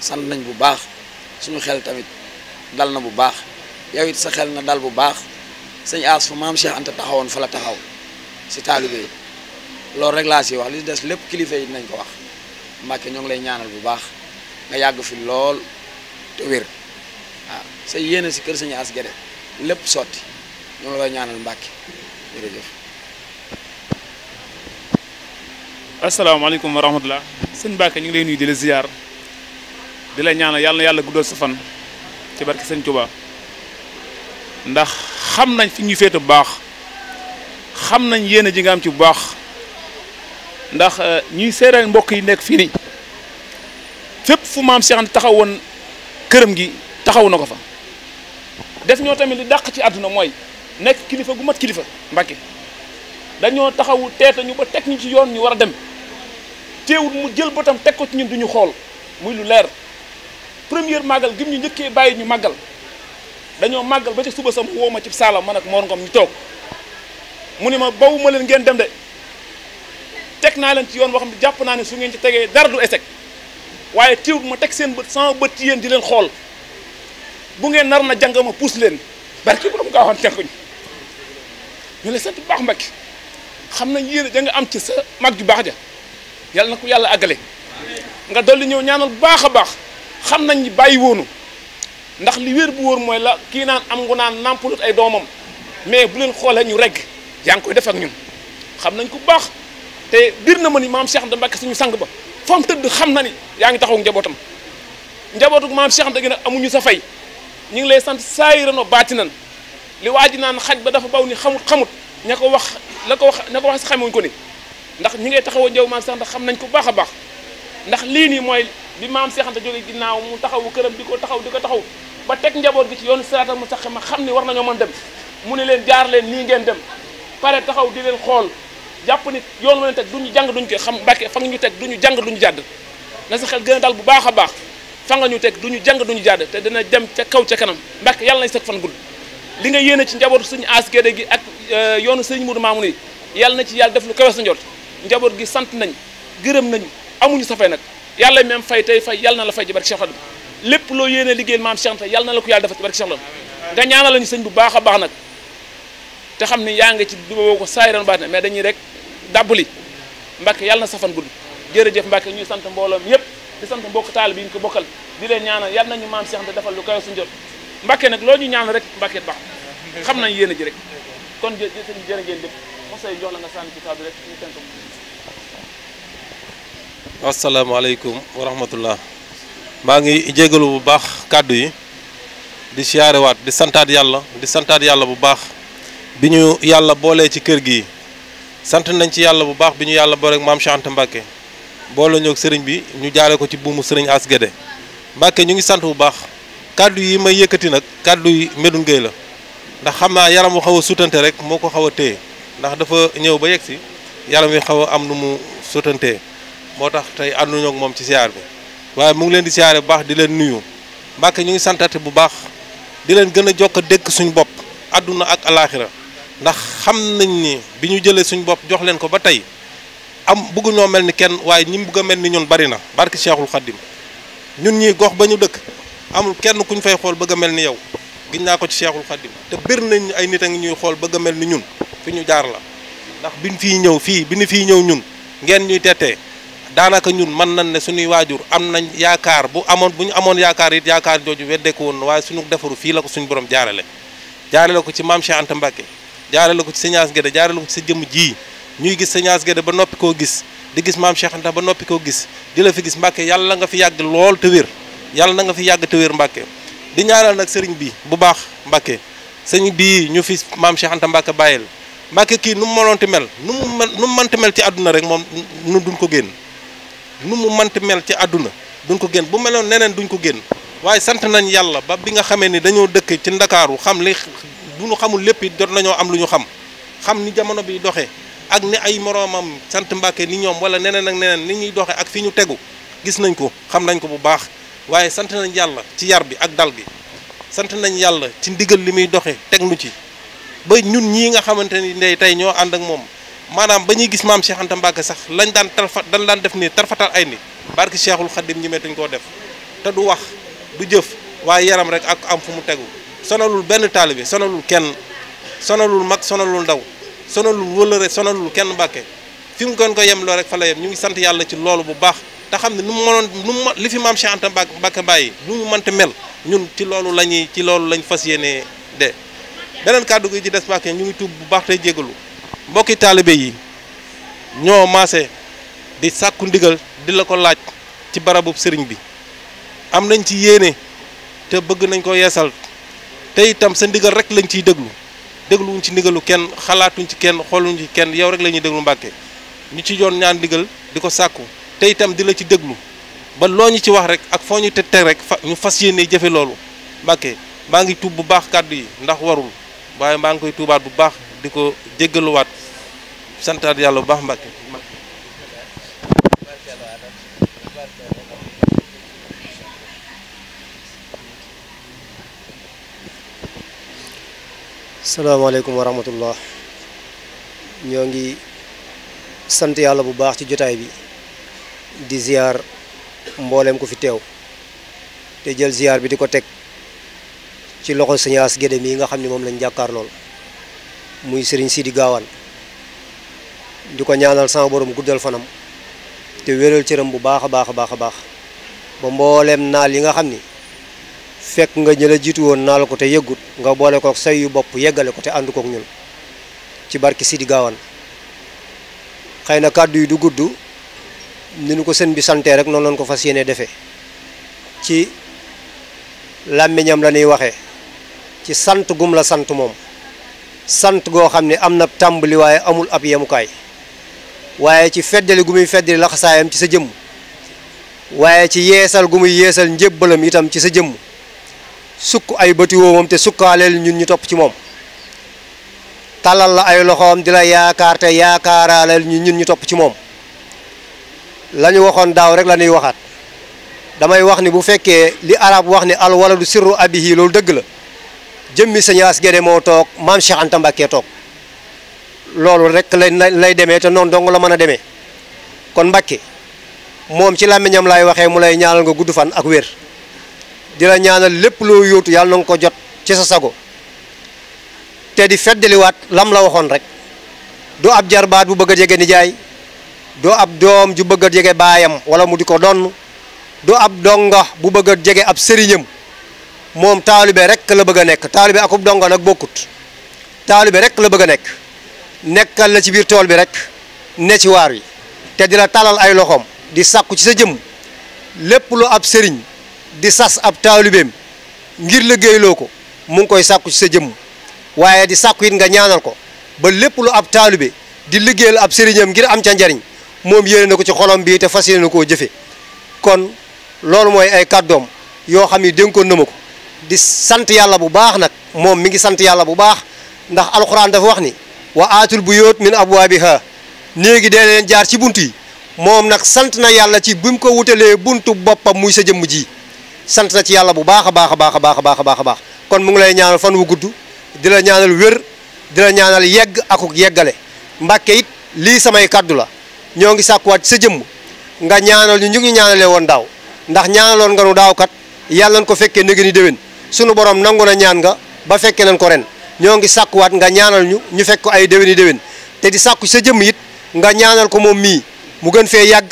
sant nañ bu baax suñu xel tamit dal na bu baax yow it sa xel na dal bu baax sëñ aas fu maam Cheikh Anta taxawoon fa la taxaw si taalibe yi loolu rek laa si wax li des lépp kilifa yi dinañ ko wax Mbàkke ñoo ngi lay ñaanal bu baax nga yàgg fi lool te wér waaw sa yéene si kër sëñ aas gede lépp sotti ñoo ngi lay ñaanal Mbàkke jërëjëf. asalaamaaleykum wa rahmatulah sëñ Mbàkke ñu ngi lay nuyu di la ziar di la ñaanal yàlla yàlla guddal sa fan. ci barke sëñ Tuubaa ndax xam nañ fi ñu féete bu baax xam nañ yéene ji nga am ci bu baax ndax euh, ñuy seereel mbokk yi nekk fii ni fépp fu maam Cheikh Anta këram gi taxaw na ko fa def ñoo tamit lu dàq ci àdduna mooy nekk kilifa gu mat kilifa Mbàkke dañoo taxawu teeta ñu ba teg ñu ci yoon ñu war a dem teewul mu jël bëtam teg ko ci ñun duñu xool muy lu leer première màggal gim ñu njëkkee bàyyi ñu màggal dañoo màggal ba ci suba sam woo ma ci saalam man ak Mor ñu toog mu ni ma bawu ma leen ngeen dem de teg naa leen ci yoon boo xam ne jàpp naa ne su ngeen ci tegee dara du échec waaye teewul ma teg seen bët sama bët ci yéen di leen xool bu ngeen nar na jàng ma puus leen barki borom gaa waxoon tenkuñ ñu la sant bu baax Mbacke xam nañ yéen da nga am ci sa mag ju baax ja yàlla na ko yàlla àggale nga dolli ñëw ñaanal bu baax a baax xam nañ ni bàyyi woonu ndax li wér bu woor mooy la kii naan am ngu naan nàmpalut ay doomam mais bu leen xoolee ñu regg yaa ngi koy def ak ñun xam nañ ku baax te biir na ma ni maam Cheikh Anta Mbacke suñu sang ba fa tëdd xam na ni yaa ngi taxaw njabootam njabootu maam Cheikh Anta nag amuñu sa fay ñu ngi lay sant saayirano baati nan li waa ji naan xaj ba dafa baw ni xamut xamut ña ko wax la ko wax ña ko ko ni ndax ñi ngay taxaw njaw maam Cheikh xam nañ ko baax a baax ndax lii nii mooy bi maam Cheikh Anta jógee ginnaaw mu taxawu këram di ko taxaw di ko taxaw ba teg njaboot gi ci yoonu siraatal mustaqim ma xam ni war nañoo mën dem mu ne leen jaar leen nii ngeen dem pare taxaw di leen xool jàpp ni yoon wa teg duñu jàng duñu koy xam bàkke fa nga ñu teg duñu jàng duñu jàdd na sa xel a dal bu baax a baax fa nga ñu teg duñu jàng duñu jàdd te dina dem ca kaw ca kanam mbàkke yàlla nañ sëg fan gudd li nga yéene ci njabootu sëñ Ass Guédé gi ak euh, yoonu sëñ Mourou Mamoun yi yàlla na ci yàlla def lu kawe sa njort njaboot gi sant nañ gërëm nañu amuñu safe nag yàlla même fay tey fay yàlla na la fay ci barke Cheikh lépp loo yéene liggéeyal maam Cheikh Anta yàlla na la ko yàlla defal ci barke Cheikh Khadim nga ñaanal lañu sëñ bu baax baax nag te xam ni yaa ngi ci boo ko saayiran baat na mais dañuy rek li Mbàkke yàlla na safan gudd jërëjëf Mbàkke ñuy sant mbooloom yépp sant mbokk taal bi ñu ko bokkal di leen ñaanal yàlla nañu maam defal lu kaw suñu jot Mbàkke nag loo ñu ñaan rek Mbàkke baax xam nañ yéen a ji rek kon jër sëñ bi jërë ngeen jëf conseil jox la nga sànni ci taal rek asalaamaaleykum wa rahmatullah maa ngi jégalu bu baax kàddu yi di siyaarewaat di santaat yàlla di santaat yàlla bu baax bi ñu yàlla boolee ci kër gi sant nañ ci yàlla bu baax bi ñu yàlla booleeg maam Cheikh Anta Mbacke boole ñoog sëriñ bi ñu jaaree ko ci buumu sëriñ As Guédé Mbacke ñu ngi sant bu baax kàddu yi may yëkkati nag kàddu yi Medoune Gueye la ndax xam naa yaram wu xaw a sutante rek moo ko xaw a téye ndax dafa ñëw ba yegg si yaram wi xaw a am nu mu sutantee moo tax tey ànduñu ak moom ci siyaar bi waaye mu ngi leen di siyaare bu baax di leen nuyu Mbàkke ñu ngi santate bu baax di leen gën a jokk dékk suñu bopp àdduna ak alaaxira ndax xam nañ ni bi ñu jëlee suñu bopp jox leen ko ba tey am bëgg ñoo mel ni kenn waaye ñi bëgg a mel ni ñun bari na barki Cheikhul Khadim ñun ñii gox ba ñu dëkk amul kenn ku ñu fay xool bëgg a mel ni yow giñ naa ko ci Cheikhul Khadim te bir nañ ay nit a ngi ñuy xool bëgg a mel ni ñun fi ñu jaar la ndax biñ ñëw fii bi fii ñëw ñun ngeen ñuy tettee daanaka ñun mën nañ ne suñuy waajur am nañ yaakaar bu amoon bu ñu amoon yaakaar it yaakaar jooju weddeeku woon waaye suñu defaru fii la ko suñu borom jaarale jaarale ko ci maam Cheikh Anta Mbacke jaarale ko ci Sëñ Gédé jaarale ko ci sa jëmm ji ñuy gis Sëñ Gédé ba noppi koo gis di gis maam Cheikh Anta ba noppi koo gis di la fi gis Mbacke yàlla nga fi yàgg lool te wér yàlla na nga fi yàgg te wér Mbacke di ñaanal nag sëriñ bi bu baax Mbacke sëñ bii ñu fi maam Cheikh Anta Mbacke bàyyil Mbacke kii nu mu mënoon ti mel nu mu mel nu mu mënti mel ci àdduna rek moom nu duñ ko génn nu mu manti mel ci àdduna duñ ko génn bu meloon neneen duñ ko génn waaye sant nañ yàlla ba bi nga xamee ni dañoo dëkk ci ndakaaru xam li bu nu xamul lépp it jot nañoo am lu ñu xam xam ni jamono bi doxee ak ni ay moroomam sant Mbàkke ni ñoom wala neneen ak neneen ni ñuy doxee ak fi ñu tegu gis nañ ko xam nañ ko bu baax waaye sant nañ yàlla ci yar bi ak dal gi sant nañ yàlla ci ndigal li muy doxee teg nu ci ba ñun ñii nga xamante ni ndey tey ñoo ànd ak moom manam bañuy gis maam Cheikh Anta Mbacke sax lañ dan tarfa dan lan def tarfa tarfatal ay ni barki Cheikhul Khadim ñi meetuñ ko def ta du wax du jëf waaye yaram rek ak am fu mu teggu sonalul ben taalibe sonalul kenn sonalul mak sonalul ndaw sonalul wolere sonalul kenn mbake fi mu gën ko yem lo rek fa la yem ñu ngi sant yalla ci loolu bu baax ta xamni nu mu nu li fi maam Cheikh Anta Mbacke Mbacke bàyyi lu ñu mënta mel ñun ci loolu la ci loolu lañ fasiyene de benen kaddu gi ci dess mbake ñu ngi tub bu baax tay jéggalu mbokki talibé yi ñoo massé di sakku ndigal di la ko laaj ci barabu sëriñ bi am nañ ci te bëgg nañ ko yeesal te itam sa ndigal rek lañ ciy déglu wuñ ci ndigalu kenn xalaatuñ ci kenn xoluñ ci kenn yow rek lañu ñuy mbacké ñu ci joon ñaan ndigal diko sakku te itam di la ci déglu ba loñu ci wax rek ak foñu ñu rek ñu fas yéene loolu mbacké ma ngi tuub bu baax yi ndax warul waye ma ngi koy tuubaat bu baax di ko jéggaluwaat santaat yàlla bu baax Mbàkke salaamaaleykum wa rahmatullah ñoo ngi sant yàlla bu baax ci jotaay bi di ziar mboolem ku fi teew te jël ziar bi di ko teg ci loxo sëñ As Gédé nga xam ni moom lañ jàkkaar lool muy sëriñ di Gaawaan diko ñaanal sama borom guddal fanam te ci cëram bu baaxa baaxa baaxa baax ba mbollem naal yi nga xamni fekk nga ñëla jiitu woon naal ko te yëggut nga boole ak say yu bop yeggale ko te ko ak ñun ci barki sidi gawan xeyna kaddu yu du gudd ni ñu ko seen bi santé rek non lañ ko fasiyene defé ci làmmiñam la ñuy waxé ci sant gum la sant mom sant go xamni amna tambali amul ab yemukaay waaye ci feddali gu muy feddali laxasaayam ci sa jëmm waaye ci yeesal gu muy yeesal njébbalam itam ci sa jëmm sukk ay bëti woomam te sukkaaleel ñun ñu topp ci moom tàllal la ay loxoom di la yaakaar te yaakaaraaleel ñun ñu topp ci moom lañu waxoon daaw rek lañuy waxaat damay wax ni bu fekkee li arab wax ni al waladu sirru abihi loolu dëgg la jëmmi sañaas gede moo toog maam Cheikh Anta Mbacké toog loolu rek lay lay demee te noonu dong la mën a demee kon mbakki moom ci làmmiñam laay waxee mu lay ñaanal nga gudd fan ak wér di la ñaanal lépp loo yóotu yàlla na nga ko jot ci sa sago te di feddaliwaat lam la waxoon rek doo ab jarbaat bu bëgg a jege nijaay doo ab doom ju bëgg a jege baayam wala mu di ko donn doo ab donga bu bëgg a jege ab sëriñam moom taalibe rek la bëgg a nekk taalibe akub donga nag bokkut taalibe rek la bëgg a nekk nekkal la ci biir tool bi rek ne ci waar wi te di la talal ay loxoom di sàkku ci sa jëm lépp lu ab sëriñ di sas ab taalibeem ngir liggéeyloo ko mu ngi koy sàkku ci sa jëmm waaye di sàkku it nga ñaanal ko ba lépp lu ab taalibe di liggéeyal ab sëriñam ngir am ca njariñ moom yéene na ko ci xolom bii te fas yéene koo jëfe kon loolu mooy ay kàddoom yoo xam ni dénkoon na ma ko di sant yàlla bu baax nag moom mi ngi sant yàlla bu baax ndax alxuraan dafa wax ni wa atul buyut min abwabiha neegi de len jaar ci bunti mom nak sant na yalla ci bi ko buntu bopam muy sa jëm ji sant na ci yalla bu baakha baakha baakha baakha baakha baakha kon mu ngi lay ñaanal fan wu gudd di la ñaanal wër di la ñaanal yegg akuk yeggale mbacké it li samay kaddu la ñongi ngi sàkkuwaat sa jëm nga ñaanal ñu ñu ngi ñaanalee woon ndax ñaanalon nga nu daw kat yalla nañ ko fekkee nëgë ni borom nanguna ñaan nga ba fekke ko ren ñoo ngi sàkkuwaat nga ñaanal ñu ñu fekk ko ay déwéni déwén te di sàkku sa jëmm it nga ñaanal ko moom mii mu gën fee yàgg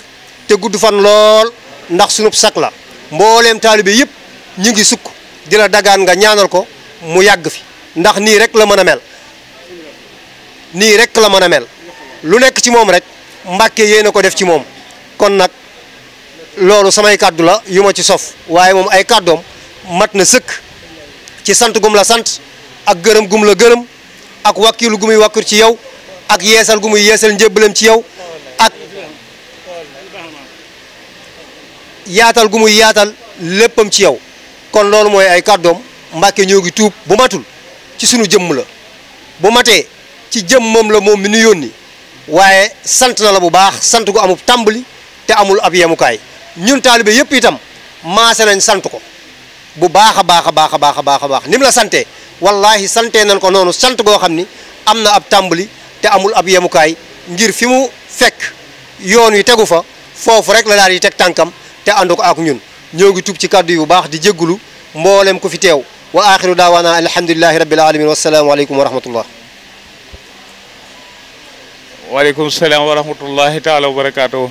te gudd fan lool ndax sunub sak la mbooleem taalibe yëpp ñu ngi sukk di la dagaan nga ñaanal ko mu yàgg fi ndax nii rek la mën a mel nii rek la mën a mel lu nekk ci moom rek mbàkke yéen a ko def ci moom kon nag loolu samay kàddu la yu ma ci sof waaye moom ay kàddoom mat na sëkk ci sant gum la sant ak gërëm gum la gërëm ak wàkkilu gu muy wàkkir ci yow ak yeesal gu muy yeesal njébbalam ci yow ak yaatal gu muy yaatal léppam ci yow kon loolu mooy ay kàddoom Mbàkke ñoo ngi tuub bu matul ci sunu jëmm la bu matee ci jëmmam la moom mi nu yónni waaye sant na la bu baax sant gu amul tàmbali te amul ab yemukaay ñun taalibe yëpp itam maase nañ sant ko bu baax a baax a baax a baax a baax a baax ni mu la sante wallahi sante nañ ko noonu sant goo xam ni am na ab tàmbali te amul ab yemukaay ngir fi mu fekk yoon wi tegu fa foofu rek la daal di teg tànkam te ànd ko ak ñun ñoo ngi tub ci kàddu yu baax di jéggulu mboolem ku fi teew wa axiru daawaana alhamdulilahi rabbil alamin wasalaamu aleykum wa rahmatullah waaleykum salaam wa rahmatullahi taala wa barakaatu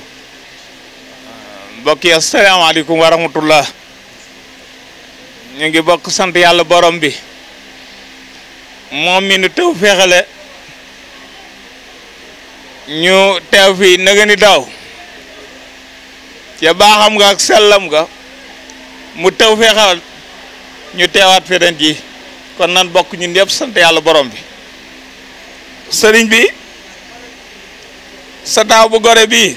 mbokk yi asalaamaaleykum wa rahmatullah ñu ngi bokk sant yàlla borom bi moom mi nu tew feexale ñu teew fii naga ni daaw ca baaxam nga ak sellam nga mu tew feexal ñu tewaat fi ren ji kon nan bokk ñun yëpp sant yàlla borom bi sëriñ bi sa taaw bu gore bii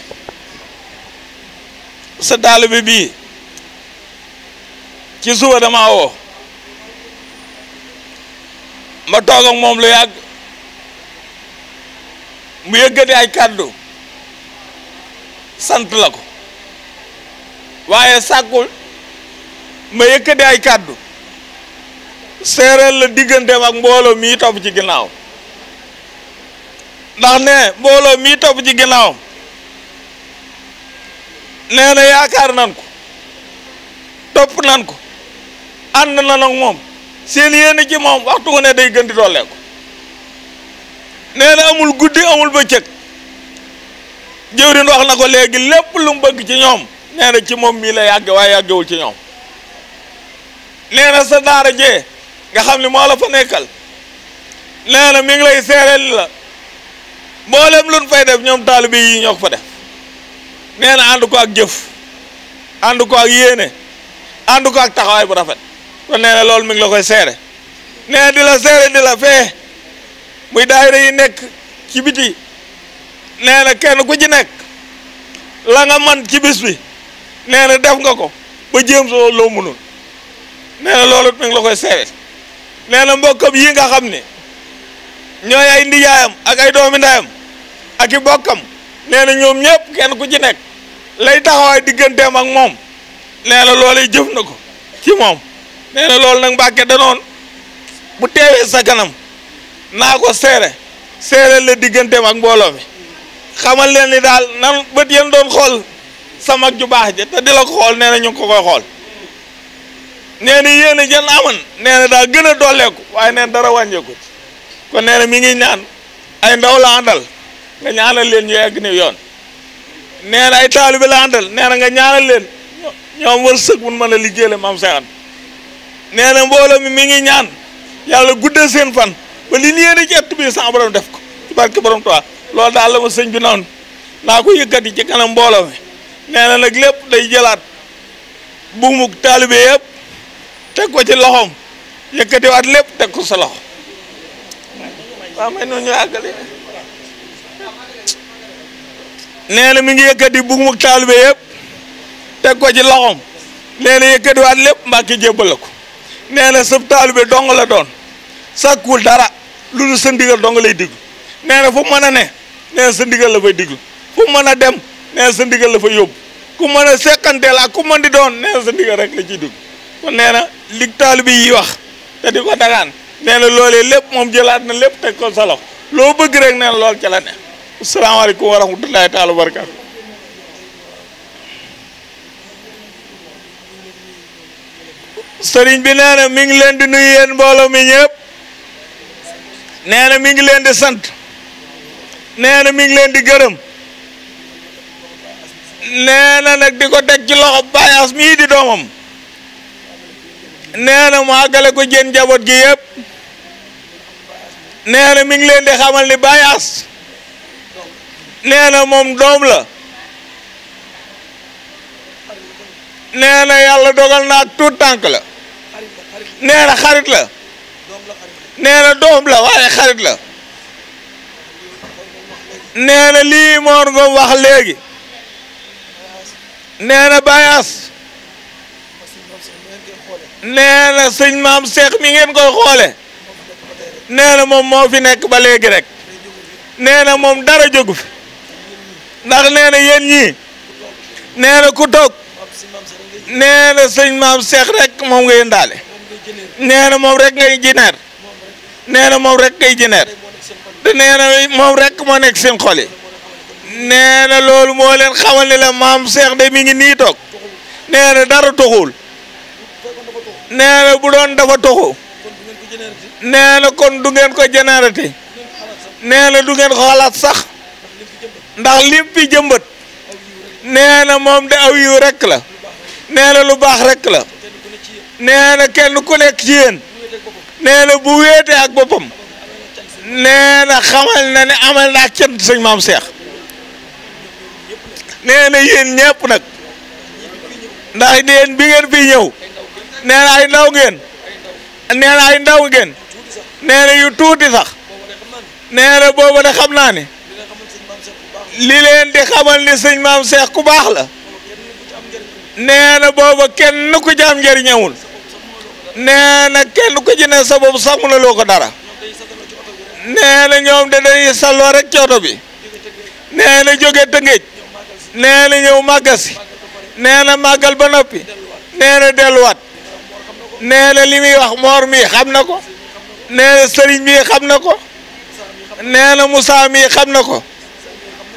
sa taalibe bii ci suba dama woo ma toog moom lu yàgg mu yëggati ay kàddu sant la ko waaye sàkkul ma yëkkati ay kàddu séeréer la digganteem ak mbooloo mii topp ci ginnaaw ndax ne mbooloo mii topp ci ginnaaw nee na yaakaar nan ko topp nan ko ànd na nag moom seen yéene ci moom waxtu ko ne day gën di dolleeku nee na amul guddi amul ba bëccëg jëwrin wax na ko léegi lépp lu mu bëgg ci ñoom nee ci moom mii la yàgge waaye yàggewul ci ñoom nee na sa daara jee nga xam ne moo la fa nekkal nee na mi ngi lay seereel la mboolem luñ fay def ñoom taalibe yi ñoo ko fa def nee na ànd ko ak jëf ànd ko ak yéene ànd ko ak taxawaay bu rafet kon nee na loolu mi la koy seere nee di la seere di la fee muy daayira yi nekk ci biti neena kenn ku ci nekk la man ci bis bi nee na def nga ko ba jéem soo loo mënul na loolu mi la koy seere nee na mbokkam yi nga xam ne ñooy ay ndijaayam ak ay doomi ak i bokkam nee na ñoom ñëpp kenn ku ci nekk lay taxawaay digganteem ak moom nee na loolu jëf na ko ci moom nee na loolu nag Mbàkke danoon bu teewee sa kanam naa ko seere seere la digganteem ak mbooloo bi xamal leen ni daal nan bët yan doon xool sa mag ju baax ja te di xool nee na ñu ngi ko koy xool nee na yéen a jën aman nee na daal gën a waaye neen dara wàññeeku kon nee na mi ngi ñaan ay ndaw la àndal nga ñaanal leen ñu egg ni yoon nee na ay taalibe la àndal nee nga ñaanal leen ñoom wërsëg mun mën a liggéeyal mam seexan neena mbolo mi mi ngi ñaan yalla guddal seen fan ba li ñeen ci ëtt bi sa borom def ko ci barke borom Tuubaa loolu daal la ma señ bi noonu na ko yëkkati ci kanam mbolo mi neena nak lepp day jëlat bu mu talibé yëpp tek ko ci loxoom wat lepp tek ko sa lox wa may noonu ñu àggale neena mi ngi yëkkati mu talibé yëpp tek ko ci loxom neena na wat lepp mbaa ki nee na sa taalibe dong la doon sàkkuwul dara lu dul sa ndigal dong lay digg nee na fu mën a ne nee sa ndigal la fay digg fu mën a dem nee na sa ndigal la fay yóbbu ku mën a seqanteel ak ku man di doon nee na sa ndigal rek la ciy diglu kon nee na li taalibe yi wax te di ko dagaan nee loolee lépp moom jëlaat na lépp teg ko sa loxo loo bëgg rek nee na lool ca la ne asalaamaaleykum wa rahmatullahi taala wa sëriñ bi nee na ngi leen di nuyu yen mbooloo mi ñëpp nee na mi ngi leen di sant nee na mi ngi leen di gërëm nee nag di ko teg ci loxo mii di doomam nee na mu ko jën njaboot gi yëpp nee na mi ngi leen di xamal ni Baay As nee moom doom la nee na yàlla dogal na ak tànk la nee na xarit la nee na doom la waaye xarit la nee na lii wax léegi nee na bayaas nee na sëñ maam Cheikh mi ngeen koy xoole nee na moom moo fi nekk ba léegi rek neena moom dara jógu fi ndax nee na yéen ñii nee na ku toog nee na sëñ maam Cheikh rek moom nga yëndaale nee na moom rek ngay jineer nee moom rek ngay jineer te nekk seen xol yi nee na loolu moo leen xamal ne la maam Cheikh de mi ngi nii toog nee na dara toxul nee na bu doon dafa toxu nee kon du ngeen ko jeneerati nee na du ngeen sax ndax lim fi jëmbat nee na moom de aw yiw la nee lu baax rekk la nee na kenn ku nekk ci yéen bu weete ak boppam nee na xamal na ne amal naa cant sëñ maam seex nee na yéen nag ndax yéen bi ngeen fi ñëw nee na ay ndaw ngeen nee yu tuuti sax nee na boobu xam naa ne li leen di xamal ni sëñ maam seex ku baax la nee na booba kenn ku ci am nee na kenn ko ci ne sa boobu ko dara nee na ñoom de dañuy salloo rek ci oto bi nee na jóge Tëngéej nee na ñëw màggasi nee na màggal ba noppi nee na delluwaat nee na li muy wax moor mii xam na ko nee na sëriñ mii xam na ko nee na Moussa mii xam na ko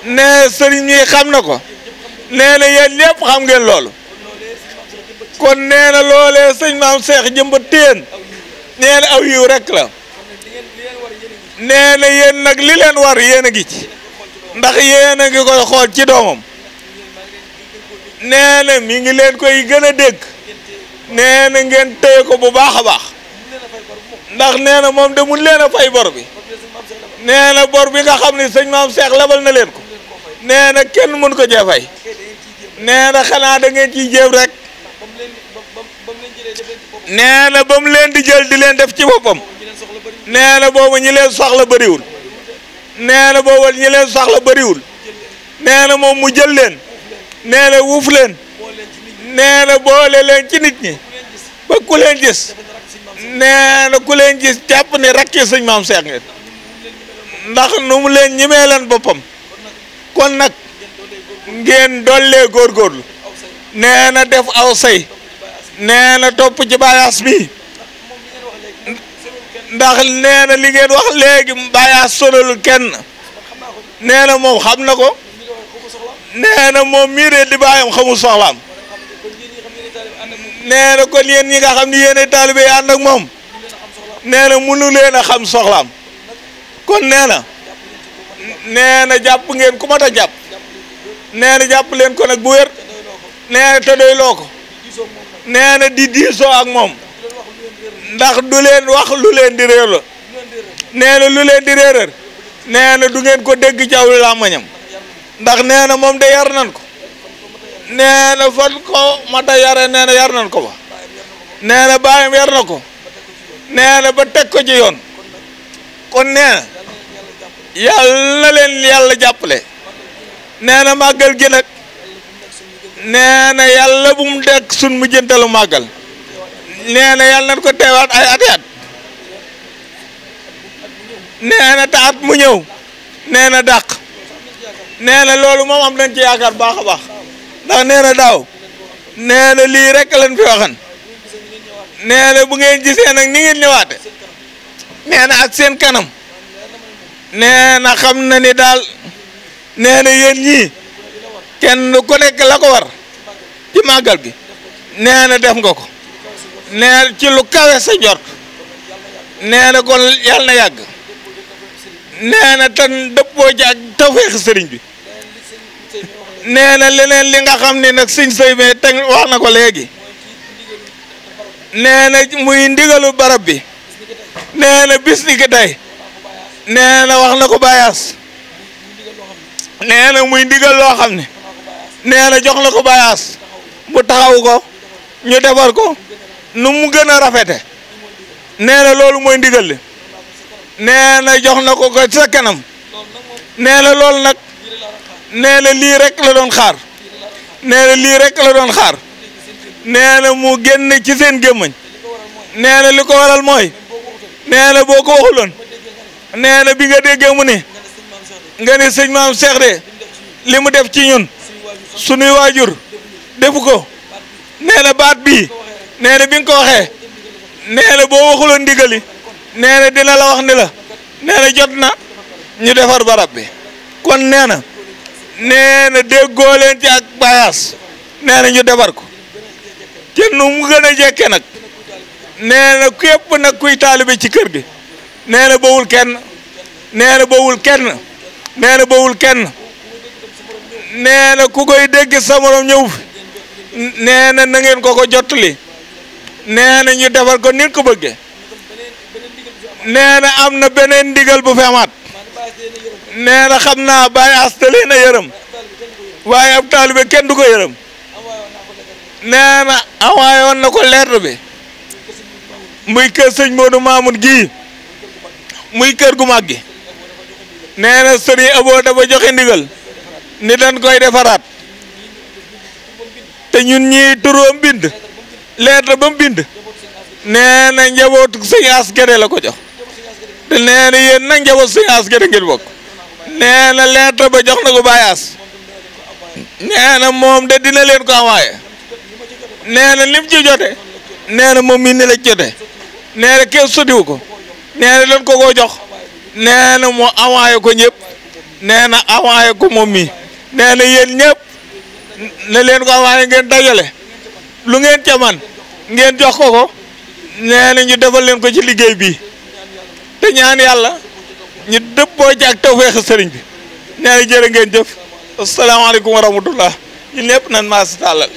nee na sëriñ mii xam na ko nee na yéen lépp xam ngeen loolu kon neena loole loolee sëñ maam Cheikh jëmba téen aw yiw rek la nee na yéen nag li leen war yéen a ngi ci ndax yéen a ngi koy xool ci doomam nee na mi ngi leen koy gën a dégg nee na ngeen téye ko bu baax a baax ndax nee na moom de mun leen a fay bor bi nee na bor bi nga xam ne sëñ maam Cheikh lebal na leen ko nee na kenn mën ko jee fay nee xanaa da ngeen ciy jéem rek nee na ba mu leen di jël di leen def ci boppam nee na boobu ñi leen soxla bariwul nee na boobu ñi leen soxla bëriwul nee moom mu jël leen nee na wuuf leen nee na boole leen ci nit ñi ba ku leen gis nee ku leen gis jàpp ni rakki sëñ maam Seex ngeen ndax nu mu leen ñimee leen boppam kon nag ngeen dollee góorgóorlu nee na def aw sey nee na topp ci bayaas bi ndax nee na wax léegi bayaas sonalul kenn nee na moom xam na ko nee na moom mii de di bàyyam xamul soxlaam nee kon yéen ñi nga xam ne yéen ay yi ànd ak moom nee na mënu xam soxlaam kon nee na jàpp ngeen ku mat a jàpp nee jàpp leen ko nag bu wér nee na te nee na di diisoo ak moom ndax du leen wax lu leen di réer la lu leen di réeral nee na du ngeen ko dégg ci aw làmmañam ndax nee na moom de yar nan ko nee na fan ko mata yare nee yar nan ko ba nee na baayam yar na ko nee ba teg ko ci yoon kon nee na yàlla na leen yàlla jàppale nee na màggal gi nag nee na bu mu dekk sun mujjantalu màggal nee na yàlla nañ ko teewaat ay at nee na te mu ñëw nee na dàq nee na loolu moom am nañ ci yaakaar baax baax ndax nee daaw nee na lii rek lañ fi waxan nee na bu ngeen gisee nag ni ngeen ñëwaate nee ak seen kanam nee na xam na ni daal nee na yéen kenn ku nekk la ko war ci màggal bi nee na def nga ko nee ci lu kawe sa jot nee na kon na yàgg nee na tan dëppoo ci ak tawfeex sëriñ bi neena leneen li nga xam ne nag sëñ sëy mee teg wax na ko léegi nee na muy ndigalu barab bi nee na bis ni ki tey nee na wax na ko bayaas nee muy ndigal loo xam ne nee na jox na ko bayaas bu taxaw ko ñu defar ko nu mu gën a rafete nee na loolu mooy ndigal li nee jox na ko ko sa kanam nee na loolu nag nee na lii rek la doon xaar nee lii rek la doon xaar nee na mu génn ci seen gémmañ nee li ko waral mooy nee na boo ko waxuloon nee bi nga déggee mu ne nga ne sëñ maam Cheikh de li mu def ci ñun sunuy waajur defu ko nee na baat bii nee na bi nga ko waxee nee na boo waxuloon ndigali nee na wax ni la nee jot na ñu defar barab bi kon nee na nee na déggoo leen ci ak bayaas nee na ñu defar ko te nu mu gën a jekke nag nee na képp nag kuy taalibe ci kër gi nee boowul kenn nee boowul kenn nee boowul kenn nee ku koy dégg sa morom ñëw fi nee na ko ko jottali nee ñu defar ko nit ko bëggee nee am na beneen ndigal bu fi amaat na xam naa bàyyi astalee na yërëm waaye ab taalibe kenn du ko yërëm nee awaayoon na ko leertu bi muy kër sëñ Modou Mamoun gii muy kër gu mag gi nee na sëriñ Abo dafa joxe ndigal ni dañ koy defaraat te ñun ñii turóom mbind lettre ba mbind bind nee na njabootu sëñ as la ko jox te nee na yéen nag njabootu sëñ as gede ngeen bokk ba jox na ko bàyyaas nee na moom de dina leen ko awaaye nee na lim ci jote nee na moom mii ni la jote nee na kenn ko nee na dañ ko jox nee na mu ko ñëpp nee na awaaye ko moom mii nee na yéen ñëpp leen ko waaye ngeen dajale lu ngeen jaman ngeen jox ko ko nee ñu defal leen ko ci liggéey bi te ñaan yàlla ñu dëppoo ci ak tawfeex sëriñ bi nee na jërë ngeen jëf asalaamaaleykum wa rahmatullah ñu ñëpp nan maa tàllal